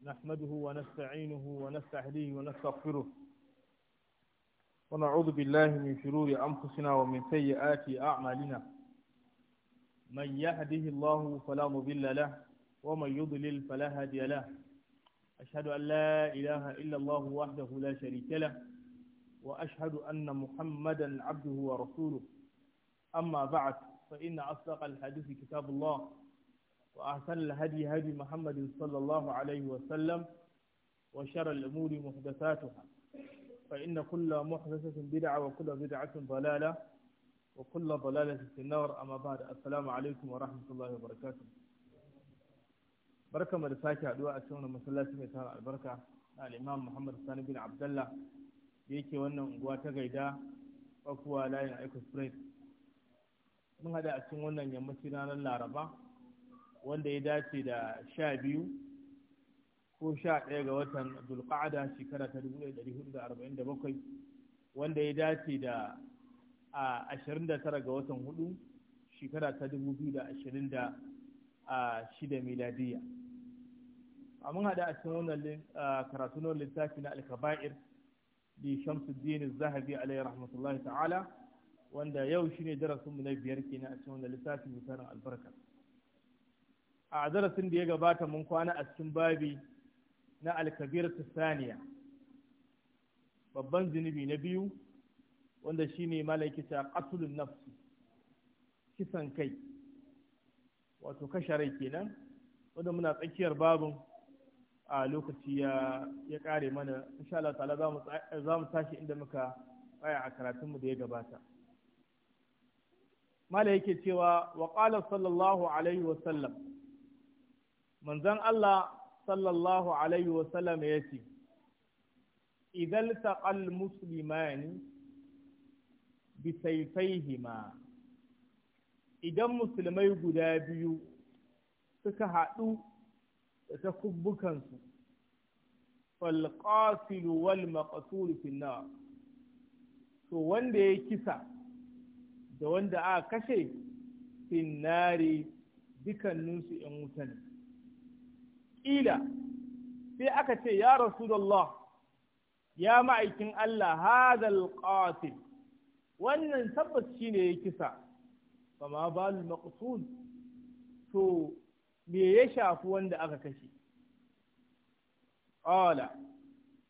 نحمده ونستعينه ونستهديه ونستغفره ونعوذ بالله من شرور أنفسنا ومن سيئات أعمالنا من يهده الله فلا مضل له ومن يضلل فلا هادي له أشهد أن لا إله إلا الله وحده لا شريك له وأشهد أن محمدا عبده ورسوله أما بعد فإن أصدق الحديث كتاب الله وأحسن الهدي هدي محمد صلى الله عليه وسلم وشر الأمور محدثاتها فإن كل محدثة بدعة وكل بدعة ضلالة وكل ضلالة في النار أما بعد السلام عليكم ورحمة الله وبركاته بركة مرساكي أدواء أسونا مسلاتي مثال البركة الإمام محمد الثاني بن عبد الله yake wannan unguwa ta gaida kuwa layin aiko mun hada a cikin wannan yammaci ranar laraba wanda ya dace da sha biyu ko sha ɗaya ga watan zulqa'ada shekara ta dubu ɗaya ɗari hudu da arba'in da bakwai wanda ya dace da a ashirin da tara ga watan hudu shekara ta dubu biyu da ashirin da shida miladiya a mun haɗa a cikin wannan karatu na littafi na alkaba'ir di shamsuddin zahabi alayhi rahmatullahi ta'ala wanda yau shine darasinmu na biyar kenan a cikin wannan littafi misalin albarka a darasin da ya gabata mun kwana a cikin babi na alkabir saniya babban zunubi na biyu wanda shi shine malaikita qatlun nafsi kisan kai wato kashe rai kenan wanda muna tsakiyar babin a lokaci ya kare mana insha Allah ta'ala za mu tashi inda muka tsaya a karatunmu da ya gabata mala yake cewa wa qala sallallahu alaihi wa sallam manzon Allah sallallahu alaihi wasallam ya ce idan taqal musulmani bi sayfaihima idan musulmai guda biyu suka haɗu da takubbukansu falqasilu wal maqtul fi nar to wanda ya kisa da wanda aka kashe finnari dukanninsu ‘yan wuta ne. ƙila sai aka ce ya Rasulullah ya ma'aikin Allah hadal qatil wannan tabbas shi ne ya kisa ba ma balul to me ya shafi wanda aka kashe qala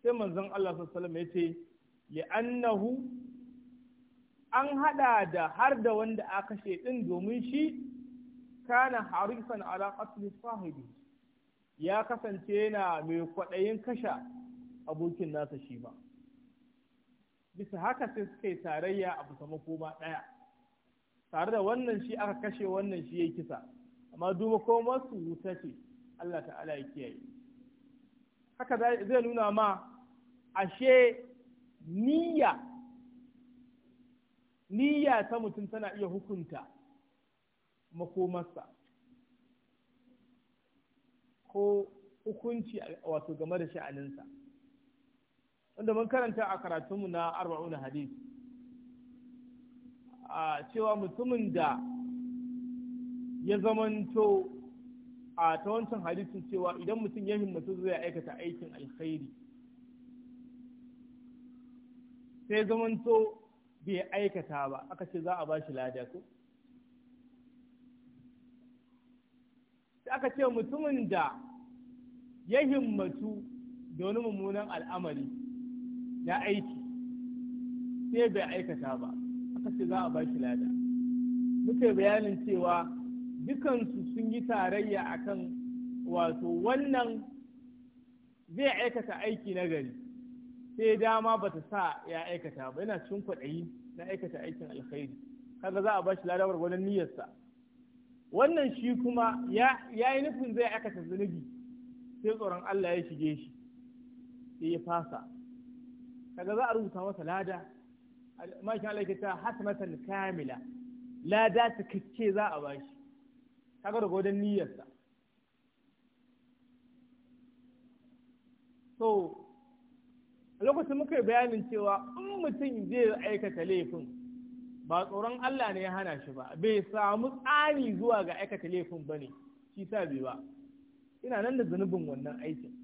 sai manzon Allah sallallahu ya ce yace li'annahu an hada da har da wanda aka kashe ɗin domin shi kana harifan ala qatl sahibi ya kasance yana mai kwaɗayin kasha abokin nasa shi ba bisa haka sai suka yi tarayya a bisa makoma ɗaya tare da wannan shi aka kashe wannan shi ya kisa amma duba ko masu wuta ce Allah ta'ala ya kiyaye haka zai nuna ma ashe niyya niyya ta mutum tana iya hukunta makomarsa ko hukunci wato game da sha'aninsa wanda mun karanta a karatunmu na arba'una hadith a cewa mutumin da ya zamanto a ta wancan hadisin cewa idan mutum ya himmatu zai aikata aikin alkhairi sai zamanto bai aikata ba aka ce za a ba shi lada ko sai aka ce mutumin da ya himmatu da wani mummunan al'amari na aiki sai bai aikata ba aka ce za a ba shi lada muke bayanin cewa dukansu sun yi tarayya akan wato wannan zai aikata aiki na gari sai dama ba ta sa ya aikata ba yana cin kwaɗayi na aikata aikin alkhairi kaga za a ba shi ladawar wani niyyarsa wannan shi kuma ya yi nufin zai aikata zunubi sai tsoron Allah ya shige shi sai ya fasa kaga za a rubuta masa lada makin Allah ke ta hasanatan kamila lada ta kacce za a ba shi kaga da godon niyyarsa so a lokacin muka yi bayanin cewa in mutum zai aikata laifin ba tsoron Allah ne ya hana shi ba bai samu tsari zuwa ga aikata laifin ba ne shi sa bai ba ina nan da zunubin wannan aikin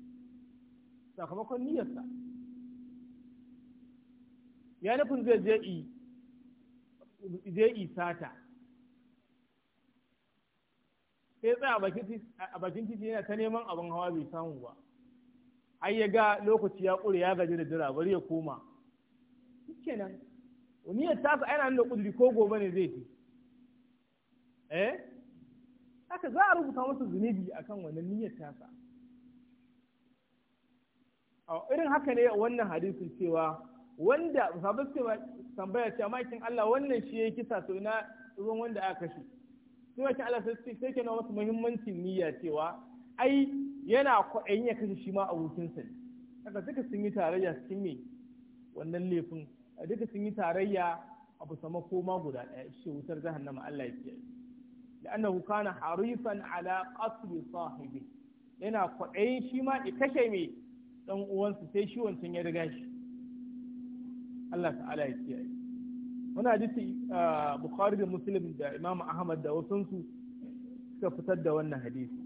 sakamakon niyyarsa ya nufin zai je yi sata sai tsaya a bakin titi yana ta neman abin hawa bai samu ba ai ya lokaci ya ƙure ya gaji da jira bari ya koma kenan niyyar tasa yana nuna kuduri ko gobe ne zai fi eh haka za a rubuta masa zunubi a kan wannan niyyar tasa a irin haka ne wannan hadisun cewa wanda sabu suke tambaya cewa makin Allah wannan shi ya yi kisa to ina ruwan wanda aka kashe sai makin Allah sai sai kenan wasu muhimmancin niyya cewa ai yana kwaɗayin ya kashe shi ma abokinsa ne haka duka sun yi tarayya cikin me wannan laifin duka sun yi tarayya a kusa makoma guda ɗaya shi wutar jahannama Allah ya kiyaye la'annahu kana Harifan ala qasri sahibi yana kwaɗayin shi ma ya kashe mai ɗan uwansu sai shi wancan ya riga shi Allah ta'ala ya kiyaye wani hadisi Bukhari da Muslim da Imam Ahmad da wasansu suka fitar da wannan hadisi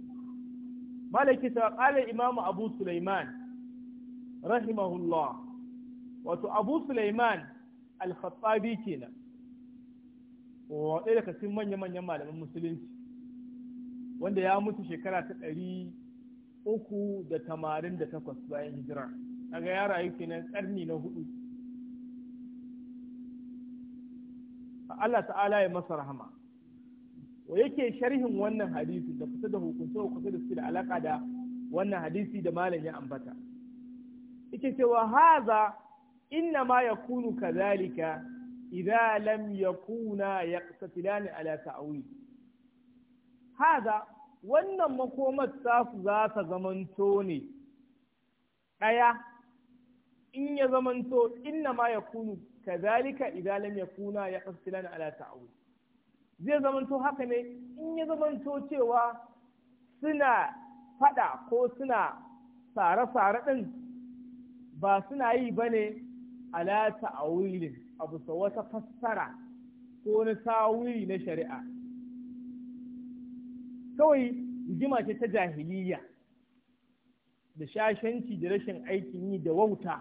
malaki ta qala Imam Abu Sulaiman rahimahullah wato abu suleiman al-khattabi kenan ɗaya daga cikin manya-manyan malaman musulunci wanda ya mutu shekara ta ɗari uku da tamanin da takwas bayan hijira daga ya rayu kenan ƙarni na hudu Allah ta'ala ya masa rahama wa yake sharhin wannan hadisi da kusa da hukunce hukunce da suke da alaka da wannan hadisi da malam ya ambata yake cewa haza inna ma yakunu kadhalika idza lam yakuna yaqtatilani ala ta'wil hada wannan makomar su za ta zamanto ne ɗaya in ya zamanto inna ma yakunu kadhalika idza lam yakuna yaqtatilani ala ta'wil zai zamanto haka ne in ya zamanto cewa suna fada ko suna sare-sare din? ba suna yi ba ne ala ta'awilin abu sa fassara ko na tawili na shari'a kawai rigima ce ta jahiliya da shashanci da rashin aikin yi da wauta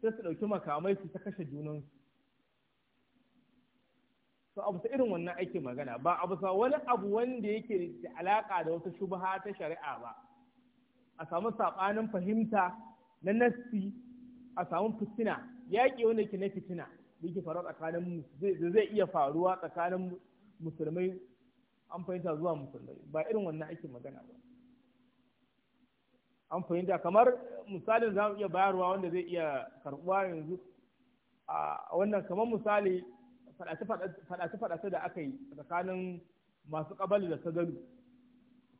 sai su ɗauki makamai su ta kashe junansu to abu sa irin wannan aiki magana ba abu sa wani abu wanda yake da alaƙa da wata shubha ta shari'a ba a samu saɓanin fahimta na nassi a samu fitina yaƙi wanda ke na fitina da yake faruwa tsakanin da zai iya faruwa tsakanin musulmai an fahimta zuwa musulmai ba irin wannan ake magana ba an fahimta kamar misalin za mu iya bayarwa wanda zai iya karɓuwa yanzu a wannan kamar misali faɗace-faɗace da aka yi tsakanin masu ƙabali da sagalu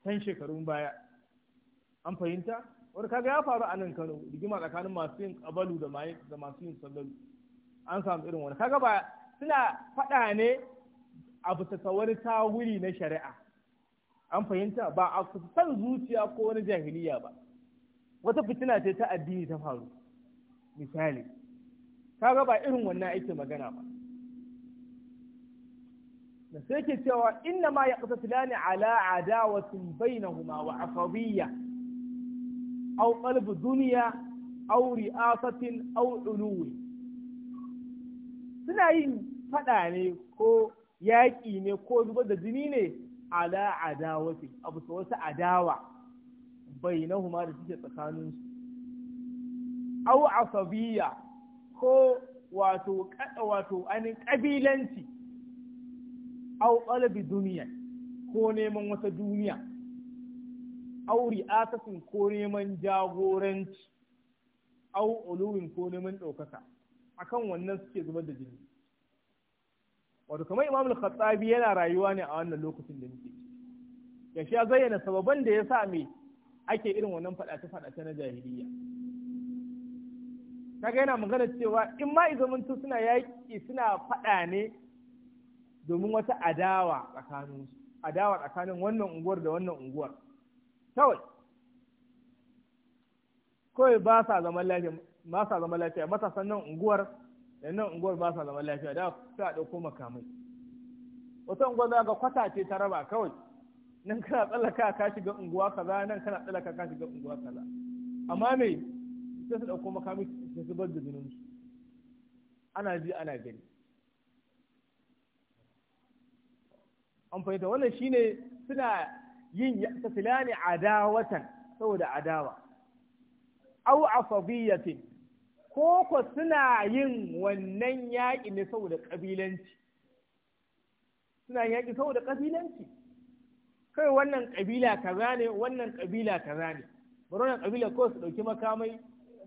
can shekarun baya an fahimta wani kaga ya faru a nan Kano rigima tsakanin masu yin kabalu da masu yin sallalu an samu irin wani kaga ba suna faɗa ne a bisa ta wani tawuri na shari'a an fahimta ba a kusan zuciya ko wani jahiliya ba wata fitina ce ta addini ta faru misali kaga ba irin wannan ake magana ba da sai ke cewa inna ma ya ƙasa ala adawatin bainahuma wa afawiyya aw qalbu duniya aw ri'asatin aw uluwi suna yin fada ne ko yaƙi ne ko zuba da jini ne ala adawati abu ta wasu adawa bainahuma da suke tsakaninsu aw asabiyya ko wato wato anin kabilanci aw duniya ko neman wata duniya auri asasin ko neman jagoranci au uluwin ko neman ɗaukaka akan wannan suke zubar da jini wato kamar imam al-khattabi yana rayuwa ne a wannan lokacin da muke ya sha zayyana sababan da ya sa me ake irin wannan faɗace faɗace na jahiliya kaga yana magana cewa in ma izamantu suna yaƙi suna faɗa ne domin wata adawa tsakanin adawa tsakanin wannan unguwar da wannan unguwar kawai kawai ba sa zaman lafiya ba sa zaman lafiya matasan nan unguwar da nan unguwar ba sa zaman lafiya da a dauko makamai wata unguwar za ga kwata ce ta raba kawai nan kana tsallaka ka shiga unguwa kaza nan kana tsallaka ka shiga unguwa kaza amma me sai su dauko makamai su zubar da jinin su ana ji ana gani an fahimta wannan shine suna yin filani adawatan saboda adawa au asabiyatin ko ko suna yin wannan yaƙi ne saboda kabilanci suna yaƙi saboda kabilanci kai wannan kabila kaza ne wannan kabila kaza ne bari wannan kabila ko su dauki makamai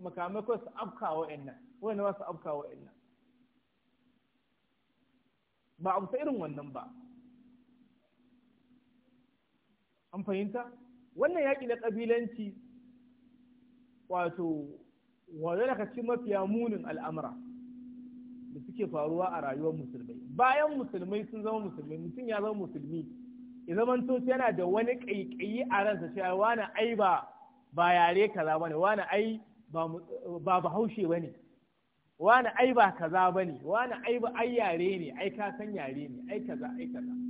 makamai ko su afka wannan ba su afka wa'annan ba a irin wannan ba an fahimta wannan yaƙi na ƙabilanci wato wanda daga cikin mafiya munin al'amura da suke faruwa a rayuwar musulmai bayan musulmai sun zama musulmai mutum ya zama musulmi ya tosi yana da wani ƙaiƙayi a ransa cewa wani ai ba ba yare kaza ne wani ai ba bahaushe ne wani ai ba kaza bane wani ai ba ai yare ne ai ka san yare ne ai kaza ai kaza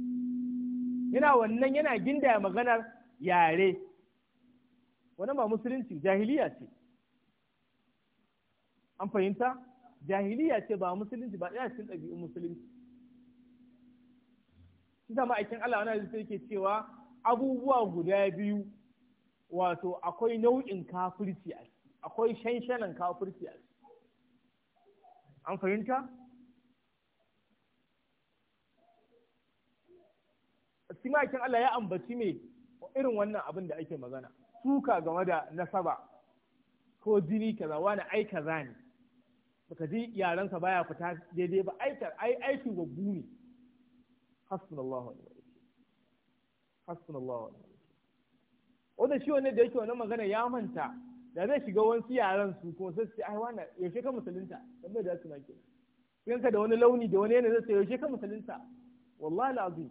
yana wannan yana gindaya maganar yare wani ba musulunci jahiliya ce an fahimta jahiliya ce ba musulunci ba ɗaya cikin ɗabi'un musulunci shi da ma'aikin Allah wani hadisi yake cewa abubuwa guda biyu wato akwai nau'in kafirci a ciki akwai shanshanan kafirci a ciki an fahimta shi ma'aikin Allah ya ambaci me irin wannan abin da ake magana suka game da nasaba ko jini kaza wani ai kaza ne baka ji yaransa baya fita daidai ba aikar ai aiki gaggu ne hasbunallahu wa ni'mal hasbunallahu wa ni'mal wanda shi wannan da yake wannan magana ya manta da zai shiga wansu yaran su kuma sai su ai wannan yaushe ka musulunta kamar da su na yanka da wani launi da wani yana zai yaushe ka musulunta wallahi alazim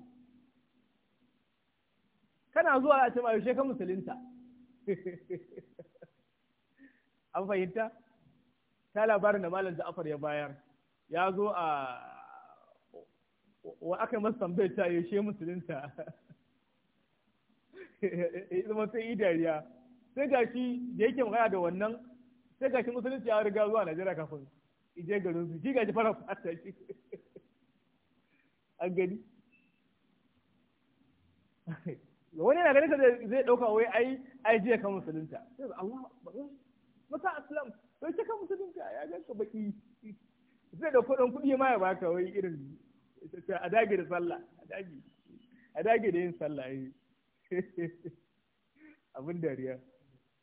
kana zuwa a ce ma yaushe ka musulunta an fahimta ta labarin da malam ja'afar ya bayar ya zo a wa aka masa tambayar ta yaushe musulunta zama sai yi dariya sai ga shi da yake magana da wannan sai ga shi musulunci ya riga zuwa najeriya kafin ije garin su shi ga shi fara fata shi an gani wani yana ganin da zai dauka wai ai ai jiya ka musulunta sai Allah mata aslam sai ka ka musulunta ya ga ka baki zai dauko dan kudi ma ya baka wai irin a dage da sallah a dage a dage da yin sallah eh. ai abin dariya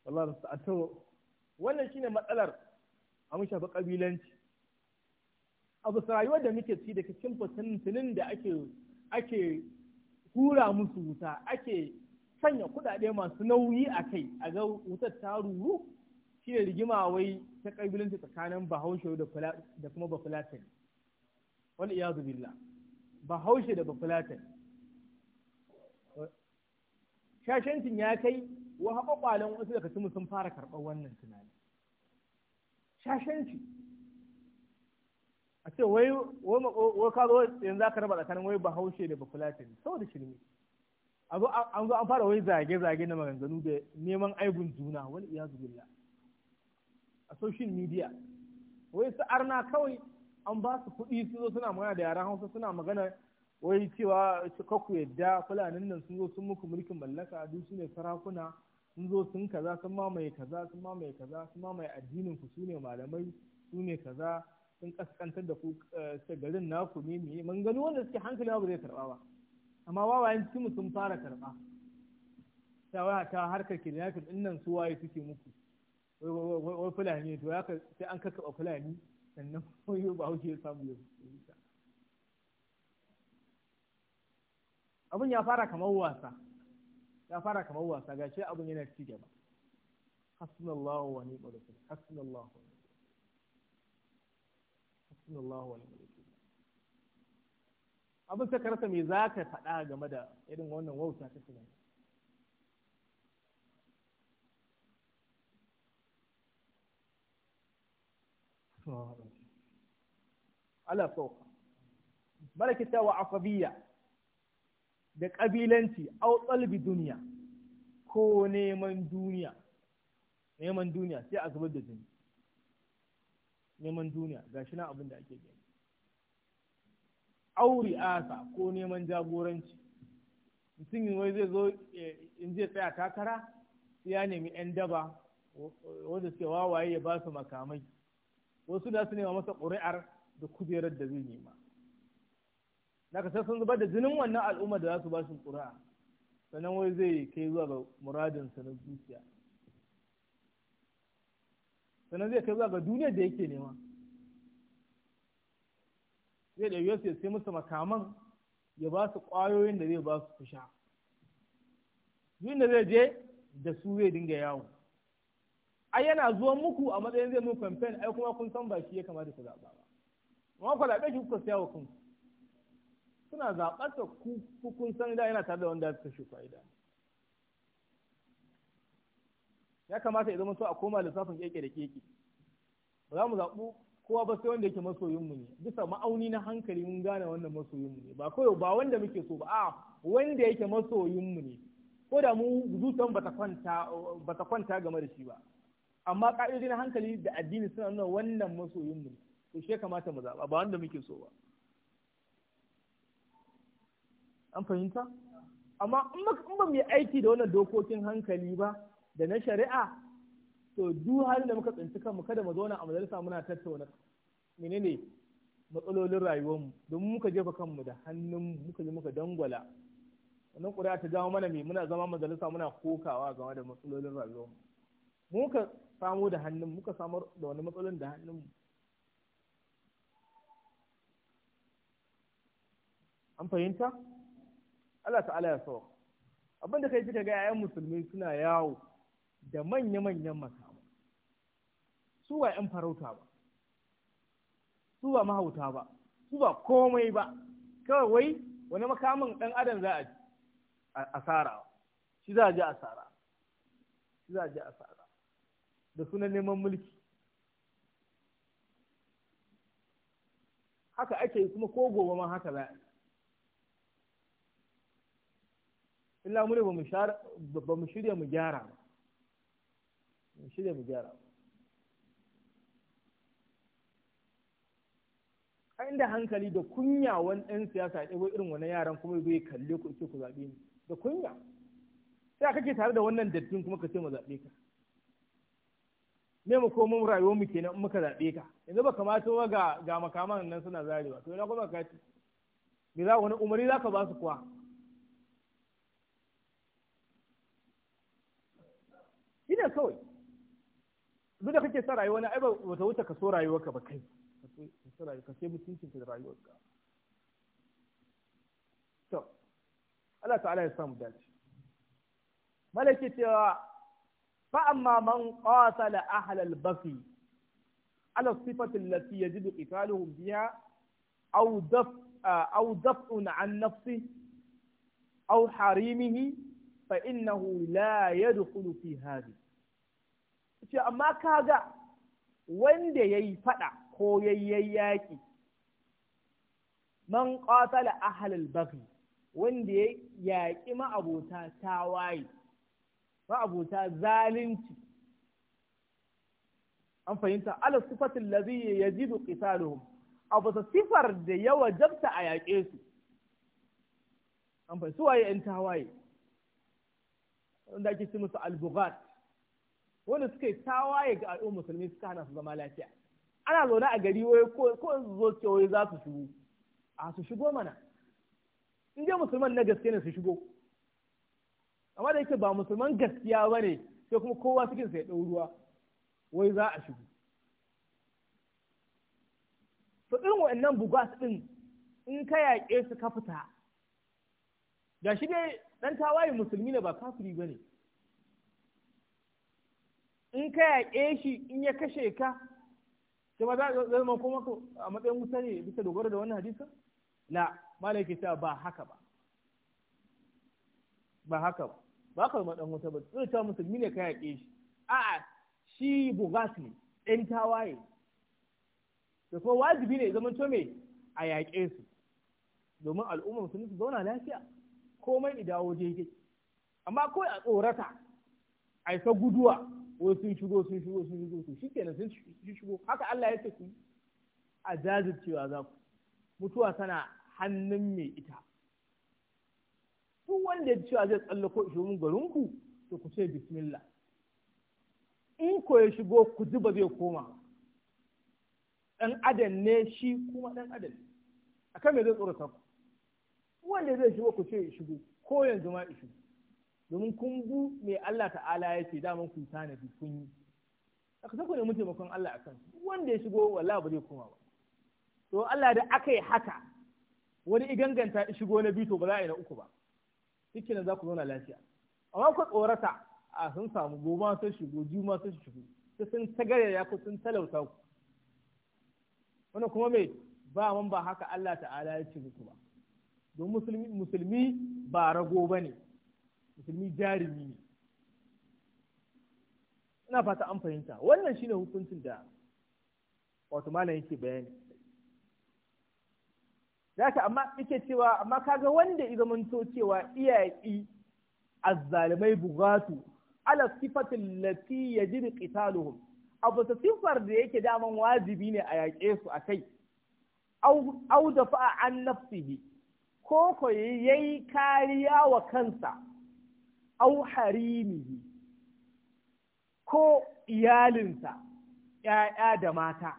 wallahi da to wannan shine matsalar a mun shafa kabilanci abu rayuwar da muke ci daga cikin fitinin da ake ake tura musu wuta ake sanya kuɗaɗe masu nauyi a kai a ga wutar ta ruru shi ne rigima wai ta ƙabilanci tsakanin bahaushe da kuma bafulatani wani iya zubilla bahaushe da bafulatani shashancin ya kai wa haɓa wasu daga sun fara karɓar wannan tunani shashanci a ce wai wai ka zo yanzu za raba tsakanin wai bahaushe da bafulatin saboda shirme an zo an fara wai zage-zage na maganganu da neman aibun juna wani iya zubilla a social media wai su arna kawai an ba su kuɗi su zo suna magana da yaran hausa suna magana wai cewa kaku yadda fulanin nan sun zo sun muku mulkin mallaka duk su ne sarakuna sun zo sun kaza sun mamaye kaza sun mamaye kaza sun mamaye addinin ku su ne malamai su ne kaza sun kaskantar da ku eh, ce garin naku ne me mun gani wanda suke hankali ba zai karba ba amma wawayen cikin sun fara karba ta waya ta harkar kidnapping din nan su waye suke muku wai fulani to ya sai an kakkaba fulani sannan yau ba hauke ya samu yau Abun ya fara kamar wasa ya fara kamar wasa gashi abun yana ci gaba hasbunallahu wa ni'mal wakeel hasbunallahu sallallahu alaihi wasallam abin sakarsa me za ka faɗa game da irin wannan wauta ta tunani ala sauka malakita wa afabiya da ƙabilanci au tsalbi duniya ko neman duniya neman duniya sai a zubar da jini neman duniya ga shi na abin da ake gani auri asa ko neman jagoranci mutum wai zai zo eh, in zai tsaya takara ya nemi 'yan daba wanda suke wawaye ya ba su makamai wasu da su nema masa ƙuri'ar da kujerar da zai nema daga sai sun zubar da jinin wannan al'umma da za su ba shi ƙuri'a sannan wai zai kai zuwa ga muradinsa na zuciya sannan zai kai zuwa ga duniya da yake nema zai da yiwuwa sai musu makaman ya ba su ƙwayoyin da zai ba su ku zai je da su zai dinga yawo ai yana zuwa muku a matsayin zai muku kamfen ai kuma kun san ba shi ya kamata ku zaɓa ba amma ku zaɓe shi kuka siya wa kanku suna zaɓar ku kun san da yana tare da wanda suka shi fa'ida ya kamata ya zama so a koma lissafin keke da keke ba za mu zaɓu kowa ba sai wanda yake masoyin mu ne bisa ma'auni na hankali mun gane wannan masoyin mu ne ba kawai ba wanda muke so ba a wanda yake masoyin mu ne ko da mu zuciyan bata kwanta bata kwanta game da shi ba amma ka'idodi na hankali da addini suna nuna wannan masoyin mu ne to shi kamata mu zaɓa ba wanda muke so ba an fahimta amma in ba mu yi aiki da wannan dokokin hankali ba da na shari'a to duk halin da muka tsinci kanmu kada mu zauna a majalisa muna tattauna menene matsalolin rayuwarmu domin muka jefa kanmu da hannun muka je muka dangwala wannan ƙuri'a ta jawo mana me muna zama majalisa muna kokawa game da matsalolin rayuwarmu muka samu da hannun muka samar da wani matsalolin da mu. an fahimta Allah ta'ala ya sawa abin da kai kika ga 'ya'yan musulmi suna yawo da manya-manyan makamu su ba 'yan farauta ba su ba mahauta ba su ba komai ba kawai wai wani makamin ɗan adam za a asara shi za a ji asara shi za a ji asara da sunan neman mulki haka ake yi kuma ko gobe ma haka za a yi illa mu ne ba mu shirya mu gyara ba mu shirya mu gyara a inda hankali da kunya wani ɗan siyasa ya ɗago irin wani yaran kuma zai kalle ku ce ku zaɓe ni da kunya sai kake tare da wannan dattin kuma ka ce mu zaɓe ka me mu komo rayuwar mu kenan muka zaɓe ka yanzu ba kamata ba ga ga makaman nan suna zarewa to ina kuma ka ce me za wani umari za ka ba su kuwa ina kawai duk da kake sa rayuwa na aiba wata wuta ka so rayuwar ka ba kai ka so rayuwa ka sai mutuncin ka da rayuwar ka to Allah ta'ala ya samu dace malaki cewa fa amma man qatala ahl al bafi ala sifati allati yajidu qitaluhum biha aw daf aw daf'un an nafsi aw harimihi fa innahu la yadkhulu fi hadhihi ce amma kaga wanda ya yi faɗa ko yayyayi yaƙi man ƙatala ahalal baghi wanda ya yaƙi ma'abota tawaye ma'abota zalunci an fahimta ala sifatin lazi ya ji qitaluhum a bisa sifar da ya wajabta a yaƙe su an fahimta su waye 'yan tawaye wanda ake ce musu albugat wanda suka yi tawaye ga al'ummar musulmi suka hana su zama lafiya ana zaune a gari wai ko in zo cewa za su shigo a su shigo mana in je musulman na gaske ne su shigo amma da yake ba musulman gaskiya ba ne sai kuma kowa cikin sai ɗau ruwa wai za a shigo to irin waɗannan bugas ɗin in ka yaƙe su ka fita ga shi dai ɗan tawaye musulmi ne ba kafiri ba ne in ka yaƙe shi in ya kashe ka sai ba za a zama kuma a matsayin wuta ne bisa dogara da wannan hadisa. la malai ke ba haka ba ba haka ba ba ka zama ɗan wuta ba zai ta musulmi ne ka yaƙe shi a shi bugas ne ɗan tawaye da kuma wajibi ne zaman to me a yaƙe su domin al'umma musulmi su zauna lafiya komai idawo daidai amma kawai a tsorata a isa guduwa wai sun shigo sun shigo sun shigo sun shi kenan sun shigo haka Allah ya ce ku a jajircewa za ku mutuwa tana hannun mai ita duk wanda ya cewa zai tsallako shirin garinku to ku ce bismillah in ko ya shigo ku ji ba zai koma ɗan adam ne shi kuma ɗan adam akan me zai tsorata ku wanda zai shigo ku ce shigo ko yanzu ma shigo domin kun bu mai Allah ta'ala ya ce daman ku tanadi kun yi aka sako ne taimakon Allah a kan wanda ya shigo wallahi ba zai koma ba to Allah da aka yi haka wani iganganta shigo na biyu ba za a yi na uku ba cikin za ku zauna lafiya amma ku tsorata a sun samu goma sun shigo juma sun shigo sai sun tagare ya ku sun talauta ku wannan kuma mai ba man ba haka Allah ta'ala ya ce muku ba don musulmi ba rago ba ne musulmi jarumi ne ina fata an fahimta wannan shine hukuncin da wato malam yake bayani zaka amma yake cewa amma kaga wanda ya zamanto cewa iyaki azzalimai bugatu ala sifatin lati yajibu qitaluhum abu ta sifar da yake daman wajibi ne a yaƙe su a kai au da fa'a an nafsihi ko ko yayi kariya wa kansa au harimihi ko iyalinsa ‘ya'ya da mata.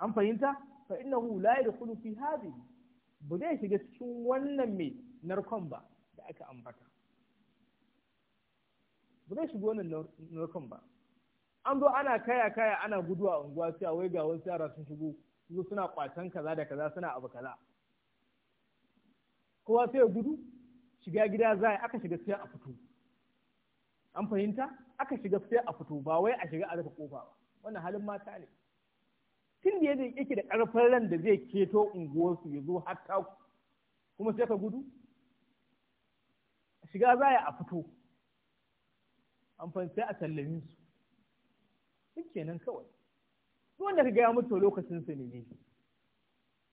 An fahimta? Fa innahu la yadkhulu fi hadhihi ba zai shiga cikin wannan mai narkon ba da aka ambata. Ba zai shiga wannan narkon ba. An zo ana kaya kaya ana guduwa a unguwa cewa wai ga wasu yara sun shigo su suna kwacen kaza da kaza suna abu kaza. Kowa sai ya gudu shiga gida za a aka shiga sai a fito an fahimta aka shiga sai a fito ba wai a shiga a rufe kofa ba wannan halin mata ne tun da yadda yake da karfin ran da zai keto unguwarsu ya zo har ku kuma sai ka gudu shiga za a fito an sai a sallami su duk kenan kawai duk wanda ka gaya mutu lokacin su ne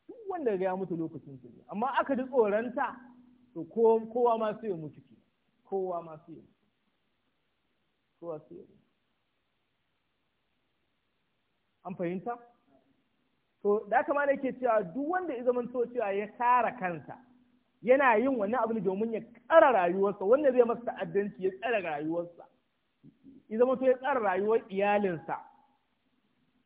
duk wanda ka gaya mutu lokacin su ne amma aka ji tsoronta to kowa ma sai ya mutu ke kowa ma sai ya mutu kowa sai ya mutu an fahimta to da kama mana ke cewa duk wanda ya zama cewa ya kara kansa yana yin wani abu ne domin ya kara rayuwarsa wanda zai masa ta'addanci ya tsara rayuwarsa ya zama to ya tsara rayuwar iyalinsa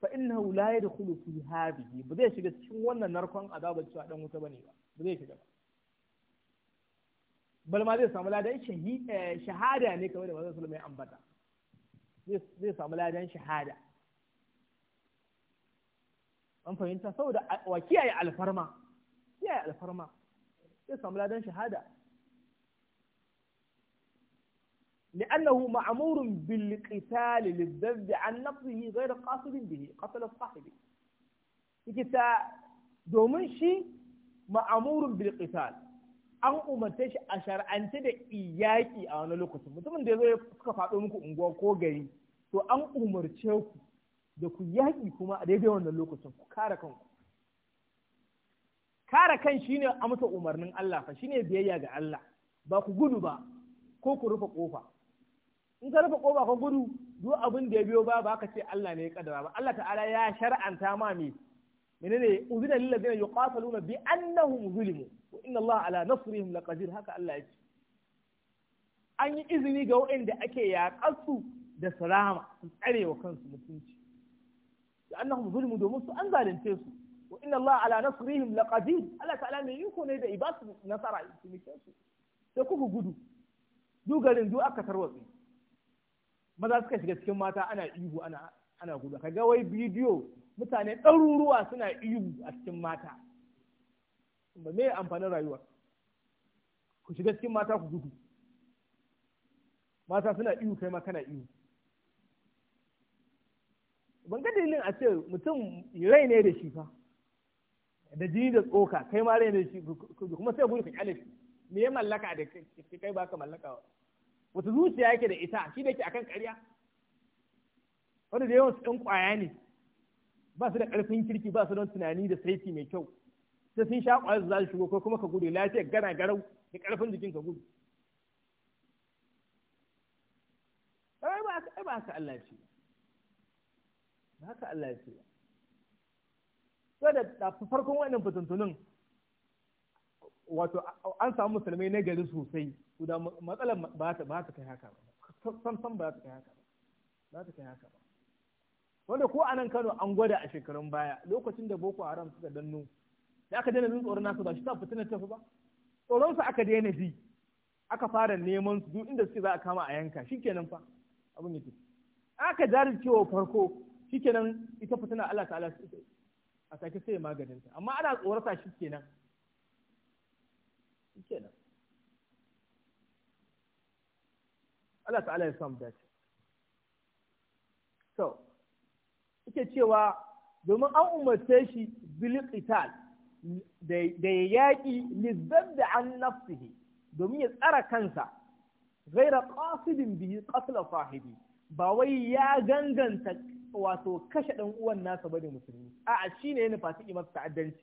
fa innahu la yadkhulu fi hadhihi ba zai shiga cikin wannan narkon azabar cewa dan wuta bane ba ba zai shiga ba bal ma zai samu ladan shahada ne kamar da manzon sallallahu alaihi ambata zai samu ladan shahada an fahimta saboda wa kiyaye alfarma kiyaye alfarma zai samu ladan shahada لأنه معمور بالقتال للذب عن نفسه غير قاصد به قتل صاحبه يكتا دومن شي معمور بالقتال an umarce shi a shar'ance da iyaki a wani lokacin mutumin da ya zo ya suka faɗo muku unguwa ko gari to an umarce ku da ku yaki kuma a daidai wannan lokacin ku kare kanku kare kan shine amsa umarnin Allah fa shine biyayya ga Allah ba ku gudu ba ko ku rufe kofa in ka rufe kofa ka gudu duk abin da ya biyo ba ba ka ce Allah ne ya kaddara ba Allah ta'ala ya shar'anta ma me menene uzina lil ladina yuqataluna bi annahum zulimu wa inna Allah ala nasrihim laqadir haka Allah ya ce an yi izini ga waɗanda ake yaƙarsu da salama su tsare wa kansu mutunci da annahum zulimu domin su an zalunce su wa inna Allah ala nasrihim laqadir Allah ta'ala mai iko ne da ibasu nasara su mike su sai kuka gudu dugarin du aka tarwatsi maza suka shiga cikin mata ana ihu ana ana gudu ka ga wai bidiyo mutane ɗaruruwa suna iyu a cikin mata ba me amfanin rayuwa ku shiga cikin mata ku gudu mata suna iyu kai ma kana iyu ban ga dalilin a ce mutum rai ne da shi fa da jini da tsoka kai ma rai ne da shi kuma sai gudu ka kyale shi me ya mallaka da kai ba ka mallaka wata zuciya yake da ita shi da ke akan ƙarya wanda da yawan su ɗan ƙwaya ne ba su da ƙarfin kirki ba su don tunani da saiti mai kyau sai sun sha ƙwayar za su shigo ko kuma ka gudu lafiyar gana garau da ƙarfin jikin ka gudu ai ba ba Allah ce ba ka Allah ce ba da farkon wannan fitintunin wato an samu musulmai na gari sosai guda matsalar ba ta kai haka ba san san ba ta kai haka ba ba ta kai haka ba wanda ko a nan Kano an gwada a shekarun baya lokacin da Boko Haram suka danno da aka daina jin tsoron nasu ba shi ta fitina tafi ba tsoron su aka daina ji aka fara neman su duk inda suke za a kama a yanka shikenan fa abin yake aka jajircewa farko shikenan ita fitina Allah ta'ala a sake sai maganin ta amma ana tsorata shikenan shikenan Allah ta'ala ya samu dace so yake cewa domin an umarce shi bil da ya yaƙi da an nafsihi domin ya tsara kansa gaira ƙasidin bihi qatla fahidi ba wai ya ganganta wato kashe ɗan uwan nasa da musulmi a'a shine ya nufa ta masa ta'addanci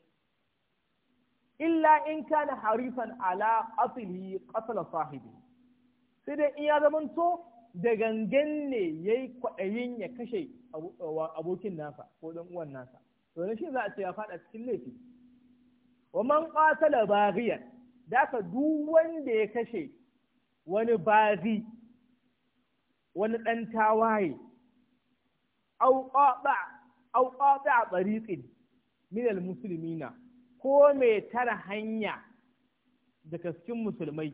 illa in kana harifan ala qatlihi qatla fahidi sai dai in ya zamanto da gangan ne ya yi kwaɗayin ya kashe abokin nasa ko ɗan uwan nasa to ne shi za a ce ya faɗa cikin laifi wa man qatala da ka duk wanda ya kashe wani bazi wani ɗan tawaye au a bariqin min al na. ko mai tara hanya daga cikin musulmai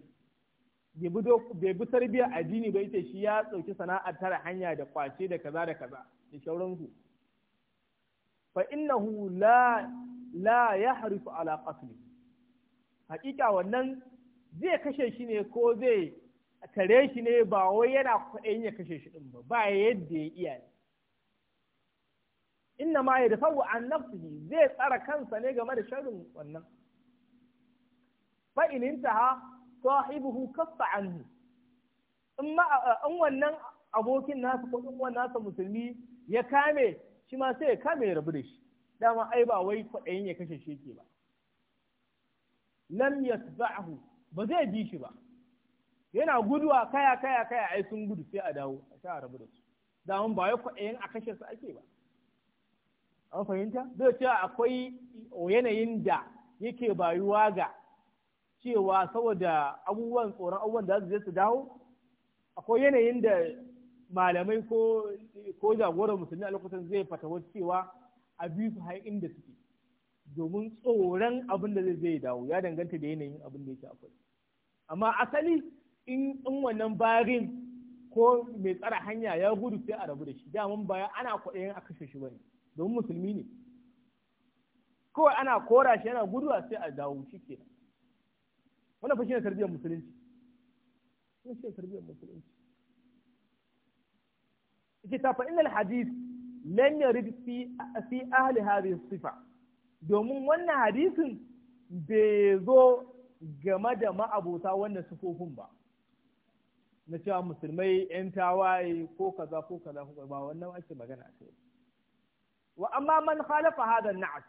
bai bi tarbiyyar addini ba ce shi ya tsauki sana'ar tara hanya da kwace da kaza da kaza da shauransu fa innahu la la yahrifu ala qatli hakika wannan zai kashe shi ne ko zai tare shi ne ba wai yana kwaɗayin ya kashe shi ɗin ba ba yadda ya iya inna ma ya dafawu an nafsihi zai tsara kansa ne game da sharrin wannan fa in sahibuhu kaffa anhu in ma an wannan abokin nasa ko in nasa musulmi ya kame shi ma sai ya kame ya rabu da shi dama ai ba wai kwaɗayin ya kashe shi ke ba lam yasba'hu ba zai bi shi ba yana guduwa kaya kaya kaya ai sun gudu sai a dawo a sha rabu da su dama ba wai kwaɗayin a kashe su ake ba an fahimta zai ce akwai yanayin da yake bayuwa ga cewa saboda abubuwan tsoron abubuwan da za su dawo akwai yanayin da malamai ko ko jagoran musulmi a lokacin zai wasu cewa a bi su har inda suke domin tsoron abin da zai zai dawo ya danganta da yanayin abin da yake akwai amma asali in in wannan barin ko mai tsara hanya ya gudu sai a rabu da shi daman baya ana kwaɗayin a kashe shi bane domin musulmi ne kawai ana kora shi yana gudu sai a dawo shi kenan wannan fa shine tarbiyyar musulunci wannan shine tarbiyyar musulunci yake ta fa innal hadith lan yarid fi fi ahli hadhihi sifa domin wannan hadisin bai zo game da ma'abota wannan sifofin ba na cewa musulmai 'yan tawaye ko kaza ko kaza ko ba wannan ake magana a kai wa amma man khalafa hada na'at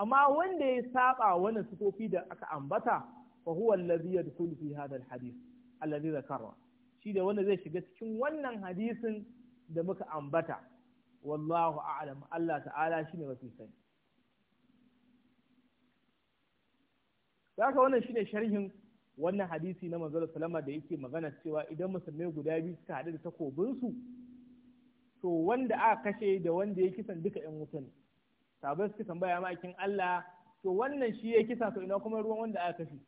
amma wanda ya saba wannan sufofi da aka ambata fa huwa alladhi yadkhulu fi hadha alhadith alladhi dhakara shi da wanda zai shiga cikin wannan hadisin da muka ambata wallahu Allah ta'ala shine mafi sani Zaka wannan shine sharhin wannan hadisi na manzo sallama da yake magana cewa idan musulmai guda biyu suka haɗu da takobinsu to wanda aka kashe da wanda ya kisan duka ƴan wuta ne sabai suka tambaya ma'aikin Allah to wannan shi ya kisa to ina kuma ruwan wanda aka kashe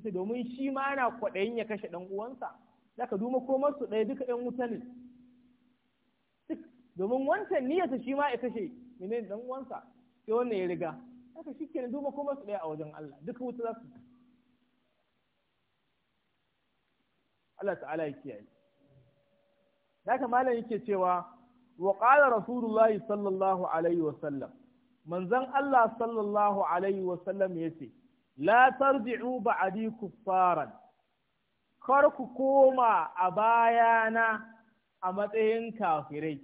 sai domin shi ma yana kwaɗayin ya kashe ɗan uwansa za ka duma komar su ɗaya duka ɗan wuta ne domin wancan niyyarsa shi ma ya kashe mene ɗan uwansa sai wannan ya riga haka shi kenan duma komar su ɗaya a wajen Allah duka wuta za su Allah ta'ala ya kiyaye ka malam yake cewa wa qala rasulullahi sallallahu alaihi wa sallam manzon Allah sallallahu alaihi wa sallam yace la tarji'u ba'di kuffaran kar ku koma a bayana a matsayin kafirai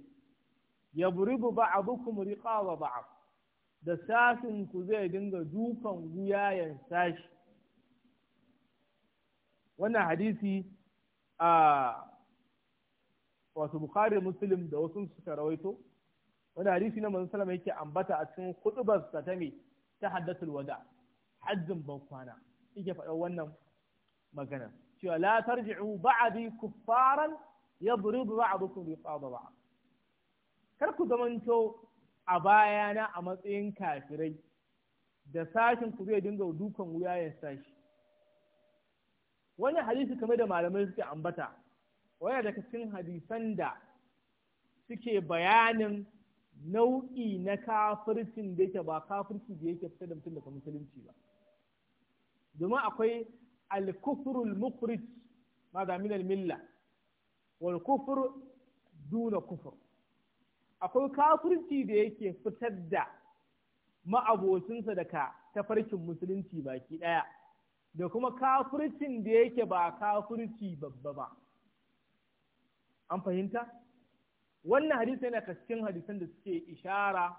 ya buribu ba'abukum riqaba ba'a da sashin ku zai dinga dukan ya sashi wannan hadisi a wasu Bukhari Muslim da wasu suka rawaito wani hadisi na manzon sallama yake ambata a cikin hutubar sa ta me ta wada' hajjin ban kwana yake faɗa wannan magana cewa la tarji'u ba'di kuffaran yadribu ba'dukum bi ba'd kar ku zamanto a bayana a matsayin kafirai da sashin ku zai dinga dukan wuya ya sashi wani hadisi kamar da malamai suke ambata wani daga cikin hadisan da suke bayanin nau'i na kafircin da yake ba kafirci da yake fitar da mutum daga musulunci ba domin akwai alkufurul kufrul mukhrij ma da minal milla wal kufur duna kufur akwai kafirci da yake fitar da ma'abocinsa daga tafarkin musulunci baki daya da kuma kafircin da yake ba kafirci babba ba an fahimta wannan hadisi yana cikin hadisan da suke ishara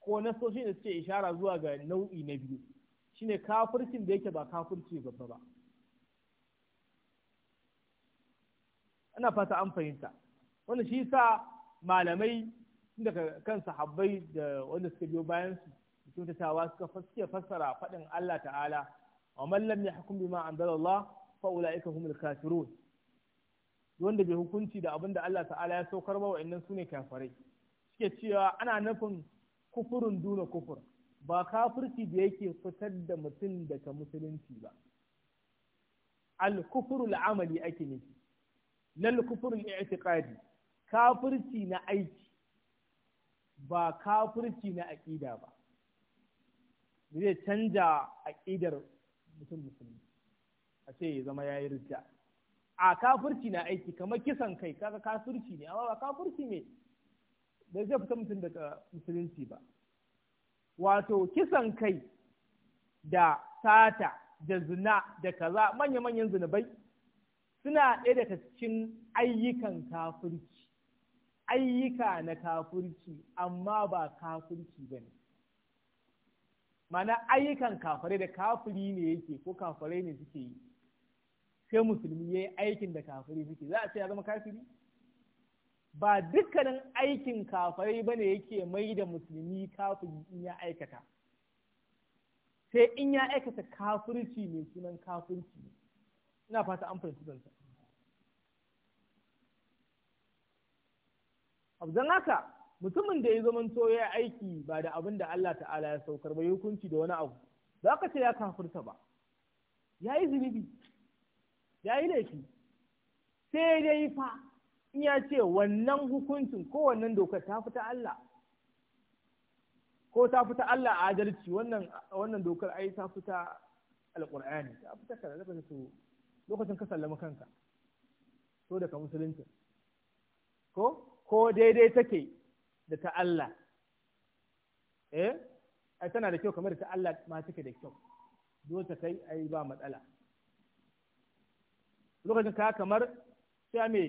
ko nasoshin da suke ishara zuwa ga nau'i na biyu shine kafircin da yake ba kafirci babba ba ana fata an fahimta wanda shi sa malamai daga kan sahabbai da wanda suka biyo bayan su kyautatawa suka suke fassara faɗin Allah ta'ala wa man lam yahkum bima anzalallah fa ulaika humul kafirun wanda bai hukunci da abin da Allah ta'ala ya saukar ba wa'annan sune kafirai suke cewa ana nufin kufurin duna kufur ba kafirci da yake fitar da mutum daga musulunci ba al-kufrul amali ake nufi lal kufrul i'tiqadi kafirci na aiki ba kafirci na aqida ba zai canja aqidar mutum musulmi a ce ya zama yayi rijja a kafirci na aiki kamar kisan kai kaga kafirci ne amma ba kafirci ne da zai fita mutum daga musulunci ba wato kisan kai da sata da zina da kaza manya-manyan zunubai suna ɗaya daga cikin ayyukan kafurci ayyuka na kafurci amma ba kafurci ba ne mana ayyukan kafare da kafuri ne yake ko kafirai ne suke yi sai musulmi ya yi aikin da kafiri suke za a ce ya zama kafiri ba dukkanin aikin kafari ba ne yake mai da musulmi kafin in ya aikata sai in ya aikata kafirci mai sunan kafirci ina fata an fahimci zanta abdan haka mutumin da ya zamanto ya aiki ba da abin da Allah ta'ala ya saukar ba hukunci da wani abu Ba ka ce ya kafirta ba ya yi zunubi ya yi laifi sai dai fa in ya ce wannan hukuncin ko wannan dokar ta fita Allah ko ta fita Allah a adalci wannan wannan dokar ai ta fita Alƙur'ani? ta fita kaza zaka su lokacin ka sallama kanka so daga musulunci ko ko daidai take da ta Allah eh ai tana da kyau kamar da ta Allah ma take da kyau dole ta kai ai ba matsala lokacin ka kamar sai me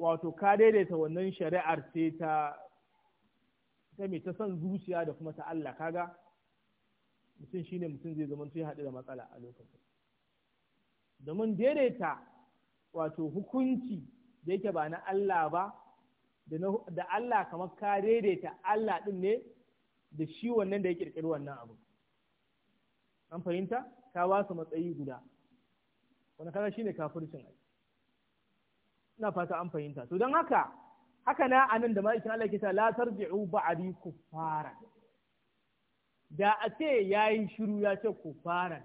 wato ka daidaita wannan shari'ar ce ta ta mai ta son zuciya da kuma ta Allah kaga mutum shine mutum zai zama sai haɗu da matsala a lokacin domin daidaita wato hukunci da yake ba na Allah ba da Allah kamar ka daidaita Allah ɗin ne da shi wannan da ya ƙirƙiri wannan abu an fahimta ka ba su matsayi guda wani kaga shine kafircin ai ina fata an fahimta to don haka haka na anan da ma'aikin Allah ke ta la tarji'u ba'di kufara da a ce yayi shiru ya ce kufara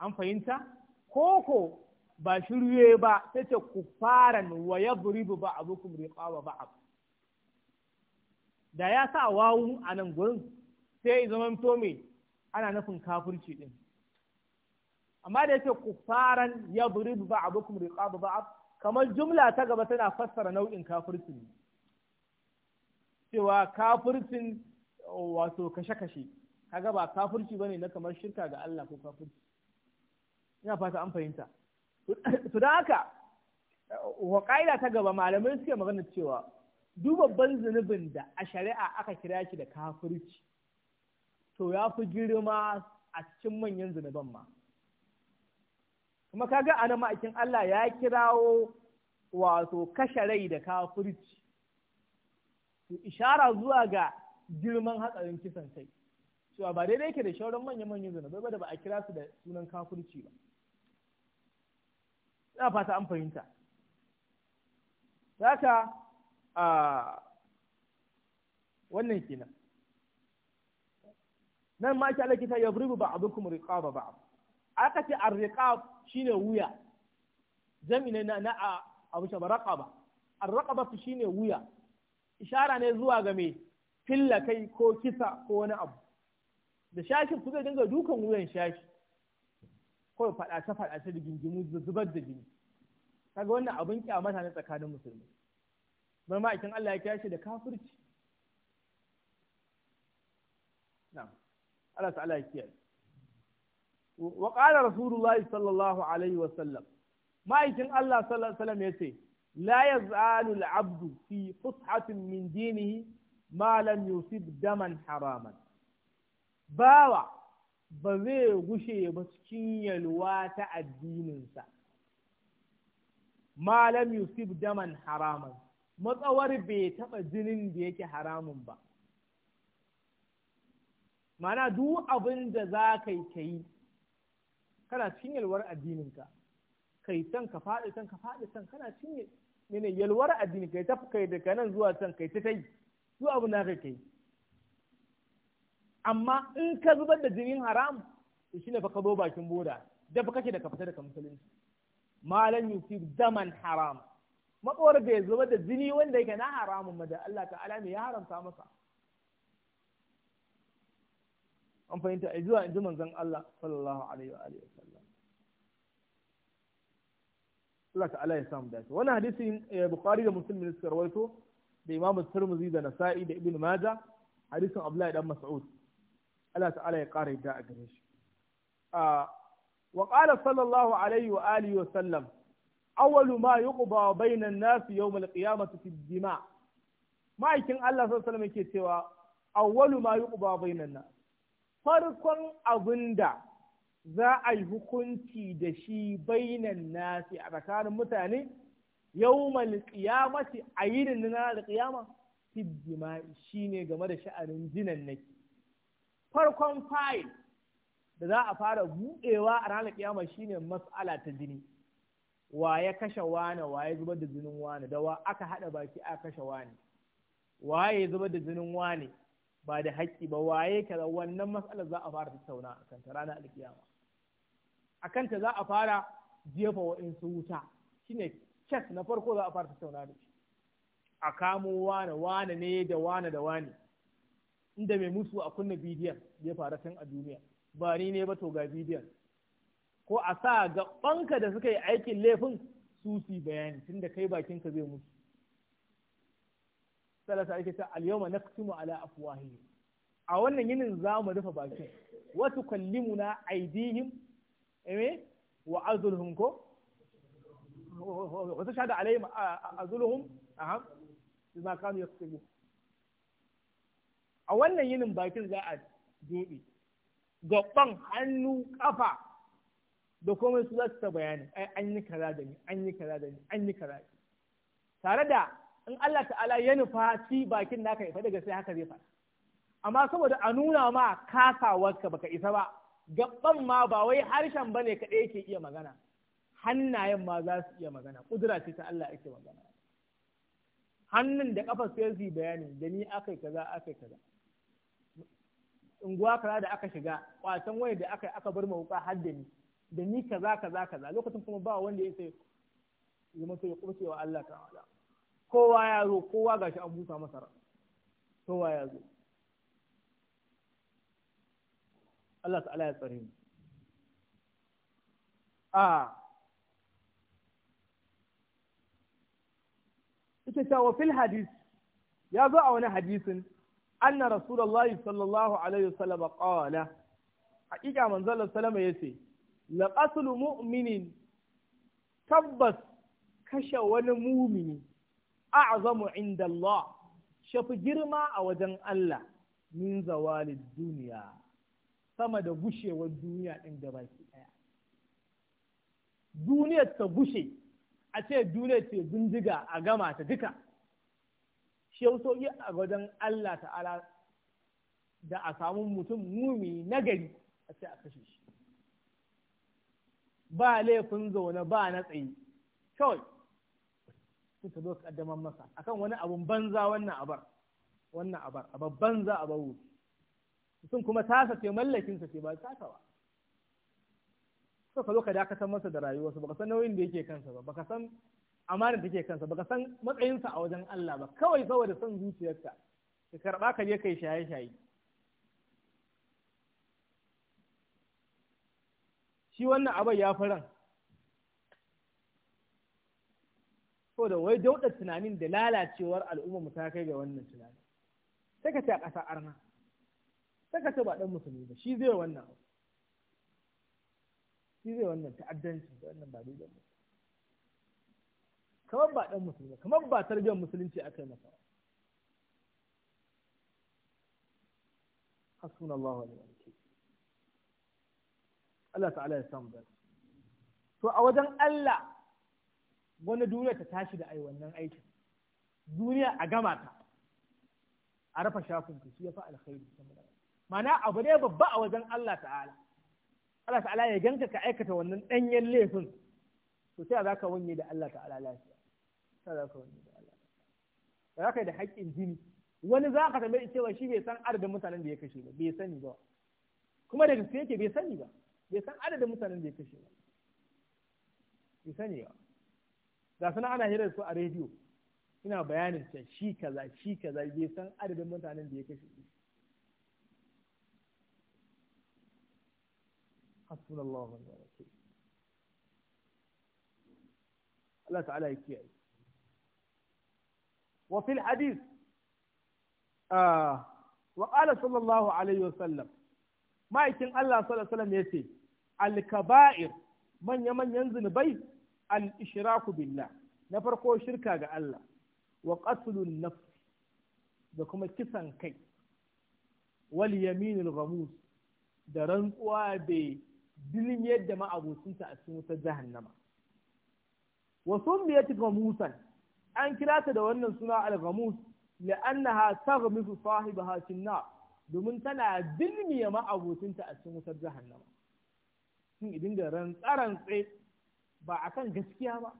an fahimta koko ba yayi ba ta ce kufaran wa ya ba'dukum ba ba'd ba abu da ya sa wawu a nan gurin sai zama to me ana nufin kafirci din amma da yake kufaran ya buri ba abukum riqabu ba kamar jumla ta gaba tana fassara nau'in kafircin cewa kafircin wato kashe-kashe kaga ba kafirci ne na kamar shirka ga Allah ko kafirci ina fata an fahimta su dan haka wa ƙa'ida ta gaba malamai suke magana cewa duk babban zunubin da a shari'a aka kira shi da kafirci to ya fi girma a cikin manyan zunuban ma kuma kaga a nan ma'aikin Allah ya kirawo wato kashe rai da kafirci ishara zuwa ga girman hatsarin kisan kai cewa ba daidai yake da shauran manya-manyan zuna ba da ba a kira su da sunan kafirci ba ina fata an fahimta zaka a wannan kenan nan ma ki alaki ta yadribu ba'dukum riqaba ba'd aka ce arriqab shine wuya jami ne na na abu shaba raqaba shi shine wuya ishara ne zuwa ga me filla kai ko kisa ko wani abu da shashin ku zai dinga dukan wuyan shashi ko faɗace ta da gingimu zubar da jini kaga wannan abin kyamata na tsakanin musulmi bar ma ikin Allah ya kira shi da kafirci na'am Allah ta'ala ya kiyaye wa qala rasulullahi sallallahu alaihi wa sallam ma'aikin Allah sallallahu alaihi wa yace la yaz'alu al-'abdu fi fushatin min dinihi ma lam yusib daman haraman bawa ba zai gushe ba cikin yalwa ta addininsa malam yusuf daman haraman matsawar bai taɓa jinin da yake haramun ba mana duk abin da za ka yi kana cikin yalwar addininka kai can ka faɗi can ka faɗi can kana cikin yalwar addini kai kai daga nan zuwa can kai ta tai zuwa abu na kai amma in ka zubar da jinin haram to shine fa ka zo bakin boda da fa kake da ka fita daga musulunci malam yusuf zaman haram da bai zubar da jini wanda yake na haramun ma da Allah ta'ala mai ya haramta masa an fahimta a zuwa inji manzon Allah sallallahu alaihi wa alihi wasallam Allah ta'ala ya samu dace wannan hadisin eh, Bukhari da Muslim ne suka rawaito da Imam Tirmidhi da Nasa'i da Ibn Majah hadisin Abdullahi dan Mas'ud Allah ta'ala ya ƙara yadda a gare shi ah, wa qala sallallahu alaihi wa alihi wa sallam awwalu ma yuqba bainan nas yawm al fi dima ma'aikin Allah sallallahu alaihi yake cewa awwalu ma yuqba bainan nas farkon abin da za a yi hukunci da shi bainan nasi a tsakanin mutane yau qiyamati a yi yinin na alqiyama fi shi shine game da sha'anin jinan nake farkon fayil da za a fara buɗewa a ranar kiyama shine mas'ala ta jini wa ya kashe wane wa ya zubar da jinin wane da wa aka haɗa baki a kashe wane wa ya zubar da jinin wane ba da haƙƙi ba waye kaza wannan matsalar za a fara tattauna a kanta ranar alkiyama a kanta za a fara jefa waɗansu wuta shine kes na farko za a fara tattauna da shi a kamo wane wane ne da wane da wane inda mai musu a kunna bidiyon ya fara tun a duniya ba ni ne ba to ga bidiyon ko a sa gaɓanka da suka yi aikin laifin su su bayani tunda kai bakinka zai musu sallallahu ake ta al-yawma naqtimu ala afwahihim a wannan yinin za mu rufe baki wa tukallimuna aidihim eh wa azulhum ko wa tashhadu alayhim azulhum aha bima kanu yaktubun a wannan yinin bakin za a dobe gaban hannu kafa da komai su za su ta bayani ai an yi kaza da ni an yi kaza da ni an yi kaza tare da in Allah ta'ala ya nufa ci bakin naka ya faɗi sai haka zai faɗi amma saboda a nuna ma kasawarka baka isa ba gaban ma ba wai harshen bane kaɗai yake iya magana hannayen ma za su iya magana kudura ce ta Allah yake magana hannun da kafar sai su bayani da ni akai kaza akai kaza unguwa kaza da aka shiga kwatan waya da aka aka bar mu har da ni da ni kaza kaza kaza lokacin kuma ba wanda ya yi zama sai ya kuma cewa Allah ta'ala kowa ya zo kowa gashi an busa masa kowa ya zo Allah ta'ala ya tsare mu a ita cewa fil hadis ya zo a wani hadisin anna rasulullahi sallallahu alaihi wasallam qala hakika manzo Allah sallama yace la qatlu mu'minin tabbas kashe wani mumini a'zamu inda Allah shafi girma a wajen Allah min zawalid duniya sama da gushewar duniya din gabaki daya duniyar ta gushe a ce duniyar ce bindiga a gama ta duka shi sauki a wajen Allah ta'ala da a samu mutum mumi nagari a ce a kashe shi ba laifin zaune ba na tsaye kawai sai ta zo ka kaddamar masa akan wani abun banza wannan abar wannan abar babban za a wuce sun kuma tasa ce mallakinsa ce ba taka ba so ka zo ka dakatar masa da rayuwarsa baka san nauyin da yake kansa ba baka san amanar da yake kansa baka san matsayinsa a wajen Allah ba kawai saboda son zuciyarka ka karba ka je kai shaye-shaye shi wannan abai ya fi ko da wai dauɗa tunanin da lalacewar al'umma mu ta kai ga wannan tunanin. sai ka ce a ƙasa arna sai ka ce ba ɗan musulmi ba shi zai wannan abu shi zai wannan ta'addanci da wannan ba daidai ba kamar ba ɗan musulmi kamar ba tarbiyyar musulunci aka yi masa hasuna Allah wa Allah ta'ala ya samu da to a wajen Allah wani duniya ta tashi da ai wannan aikin duniya a gama ta a rafa shafin ku shi ya fi alkhairi mana abu ne babba a wajen Allah ta'ala Allah ta'ala ya ganka ka aikata wannan danyen laifin to sai za ka wanye da Allah ta'ala lafiya sai za ka wanye da Allah ba za ka yi da haƙƙin jini wani za ka tambaye cewa shi bai san adadin mutanen da ya kashe ba bai sani ba kuma da gaske yake bai sani ba bai san adadin mutanen da ya kashe ba bai sani ba ga suna ana hirar su a rediyo ina bayanin ta shi kaza shi kaza bai san adadin mutanen da ya kashe shi hasbunallahu wa Allah ta'ala ya kiyaye wa fil hadith ah, wa qala sallallahu alaihi wa sallam ma'aikin Allah sallallahu alaihi wa sallam yace al kaba'ir manya manyan zunubai al-ishraku billah na farko shirka ga Allah wa qatlun nafs da kuma kisan kai wal yaminul ghamus da rantsuwa da dilin yadda ma'abocinta a cikin wutar jahannama wa summiyat ghamusan an kira ta da wannan suna al-ghamus la'annaha taghmisu sahibaha sinna domin tana dilmiya ma'abocinta a cikin wutar jahannama sun idin da rantsarantse ba a kan gaskiya ba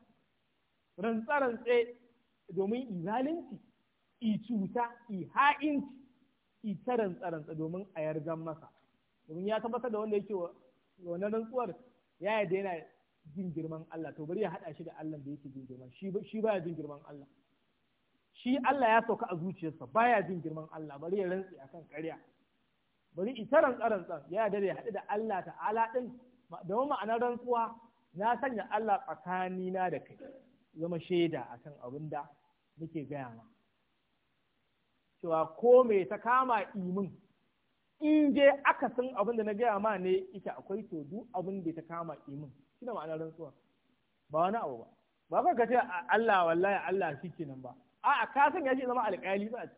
rantsarantse rantse domin izalinci i cuta i ha'inci i ta rantsarantse domin a yargan masa domin ya tabbatar da wanda yake wani rantsuwar ya yi daina jin girman Allah to bari ya haɗa shi da Allah da yake jin girman shi baya jin girman Allah shi Allah ya sauka a zuciyarsa baya jin girman Allah bari ya rantsi kan ƙarya bari ita rantsa-rantsan ya yarda ya haɗu da Allah ta'ala ɗin wani ma'anar rantsuwa na sanya Allah tsakanina da kai zama shaida a kan abin da muke gaya ma cewa ko me ta kama imin in je akasin abin da na gaya ma ne ita akwai to duk abin da ta kama imin shine ma'anar rantsuwa ba wani abu ba ba kai ka ce Allah wallahi Allah nan ba a'a ka san ya ce zama alƙali ba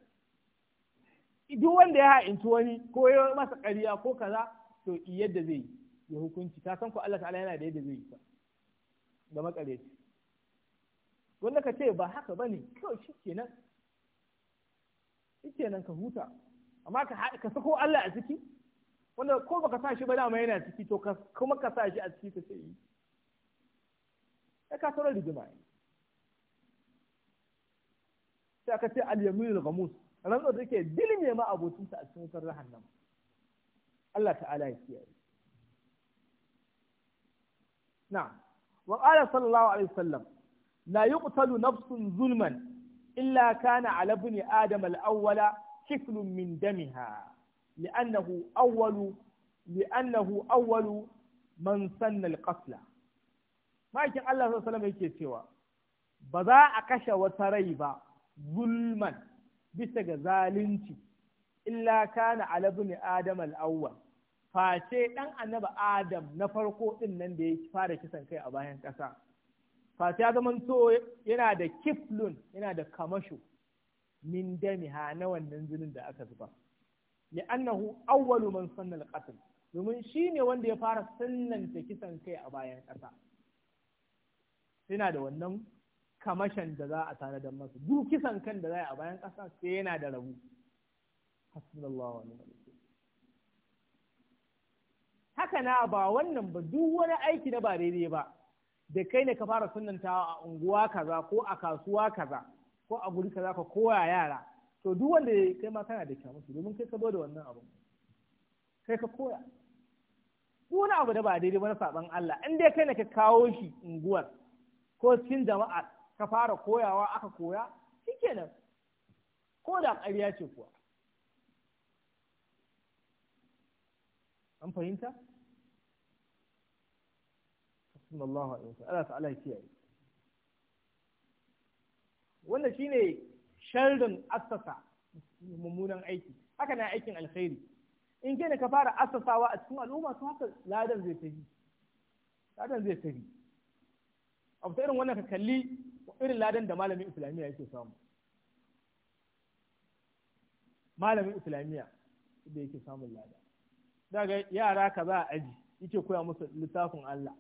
duk wanda ya ha'inci wani ko ya masa ƙarya ko kaza to yadda zai yi ya hukunci ta san ku Allah ta'ala yana da yadda zai yi fa ga makareci wanda ka ce ba haka bane kawai shi kenan shi kenan ka huta amma ka ka sako Allah a ciki wanda ko baka sa shi ba dama yana ciki to ka kuma ka sa shi a ciki ka sai ka tsoro da jima'i. sai aka ce al-yaminul ghamus rantsar da yake dilime ma abocinta a cikin wutar nan. Allah ta'ala ya kiyaye na wa qala sallallahu alaihi wasallam la yuqtalu nafsun zulman illa kana ala ibn adam al-awwala kiflun min damiha li'annahu awwalu li'annahu awwalu man sanna al ma'aikin Allah sallallahu alaihi wasallam yake cewa ba za a kashe wata rai ba zulman bisa ga zalunci illa kana ala ibn al-awwal face ɗan annaba Adam na farko ɗin nan da ya fara kisan kai a bayan ƙasa. Face ya zama to yana da kiflun yana da kamasho min damiha na wannan jinin da aka zuba. annahu, awwalu man sanna al domin shi ne wanda ya fara sannanta kisan kai a bayan ƙasa. Yana da wannan kamashin da za a tanadar masa duk kisan kan da za a bayan ƙasa sai yana da rabu. Hasbunallahu wa ni'mal haka na ba wannan ba duk wani aiki na ba daidai ba da kai ne ka fara sunantawa a unguwa kaza ko a kasuwa kaza ko a guri kaza ka koya yara to duk wanda kai ma kana da kyamusu domin kai ka da wannan abu kai ka koya wani abu da ba daidai ba na saban Allah in dai kai ne ka kawo shi unguwar ko cikin jama'a ka fara koyawa aka koya shikenan ko da ƙarya ce kuwa an fahimta sallallahu alaihi wasallam Allah ta'ala ya kiyaye wannan shine sharrin assasa mummunan aiki haka na aikin alkhairi in kai ka fara assasawa a cikin al'umma to haka ladan zai tafi ladan zai tafi abu ta irin wannan ka kalli irin ladan da malamin islamiyya yake samu malamin islamiyya da yake samun lada daga yara kaza a aji yake koya musu littafin Allah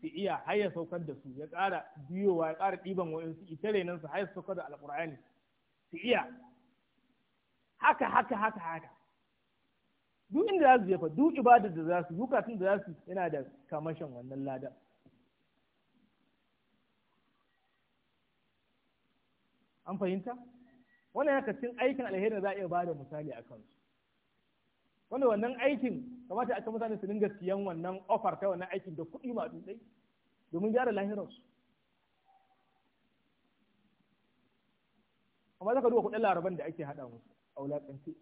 su iya haya saukar da su ya ƙara biyowa ya ƙara ɗiban wa'insu ita renan su haya saukar da alƙur'ani su iya haka haka haka haka duk inda za su jefa duk ibadar da za su duk katun da za su yana da kamashin wannan lada. an fahimta wannan yana cikin aikin alheri da za a iya ba da misali a kansu wanda wannan aikin kamata a ce mutane su dinga siyan wannan ofar ta wannan aikin da kuɗi ma dudai domin gyara su amma zaka duba kuɗin laraban da ake hada musu a wulaƙance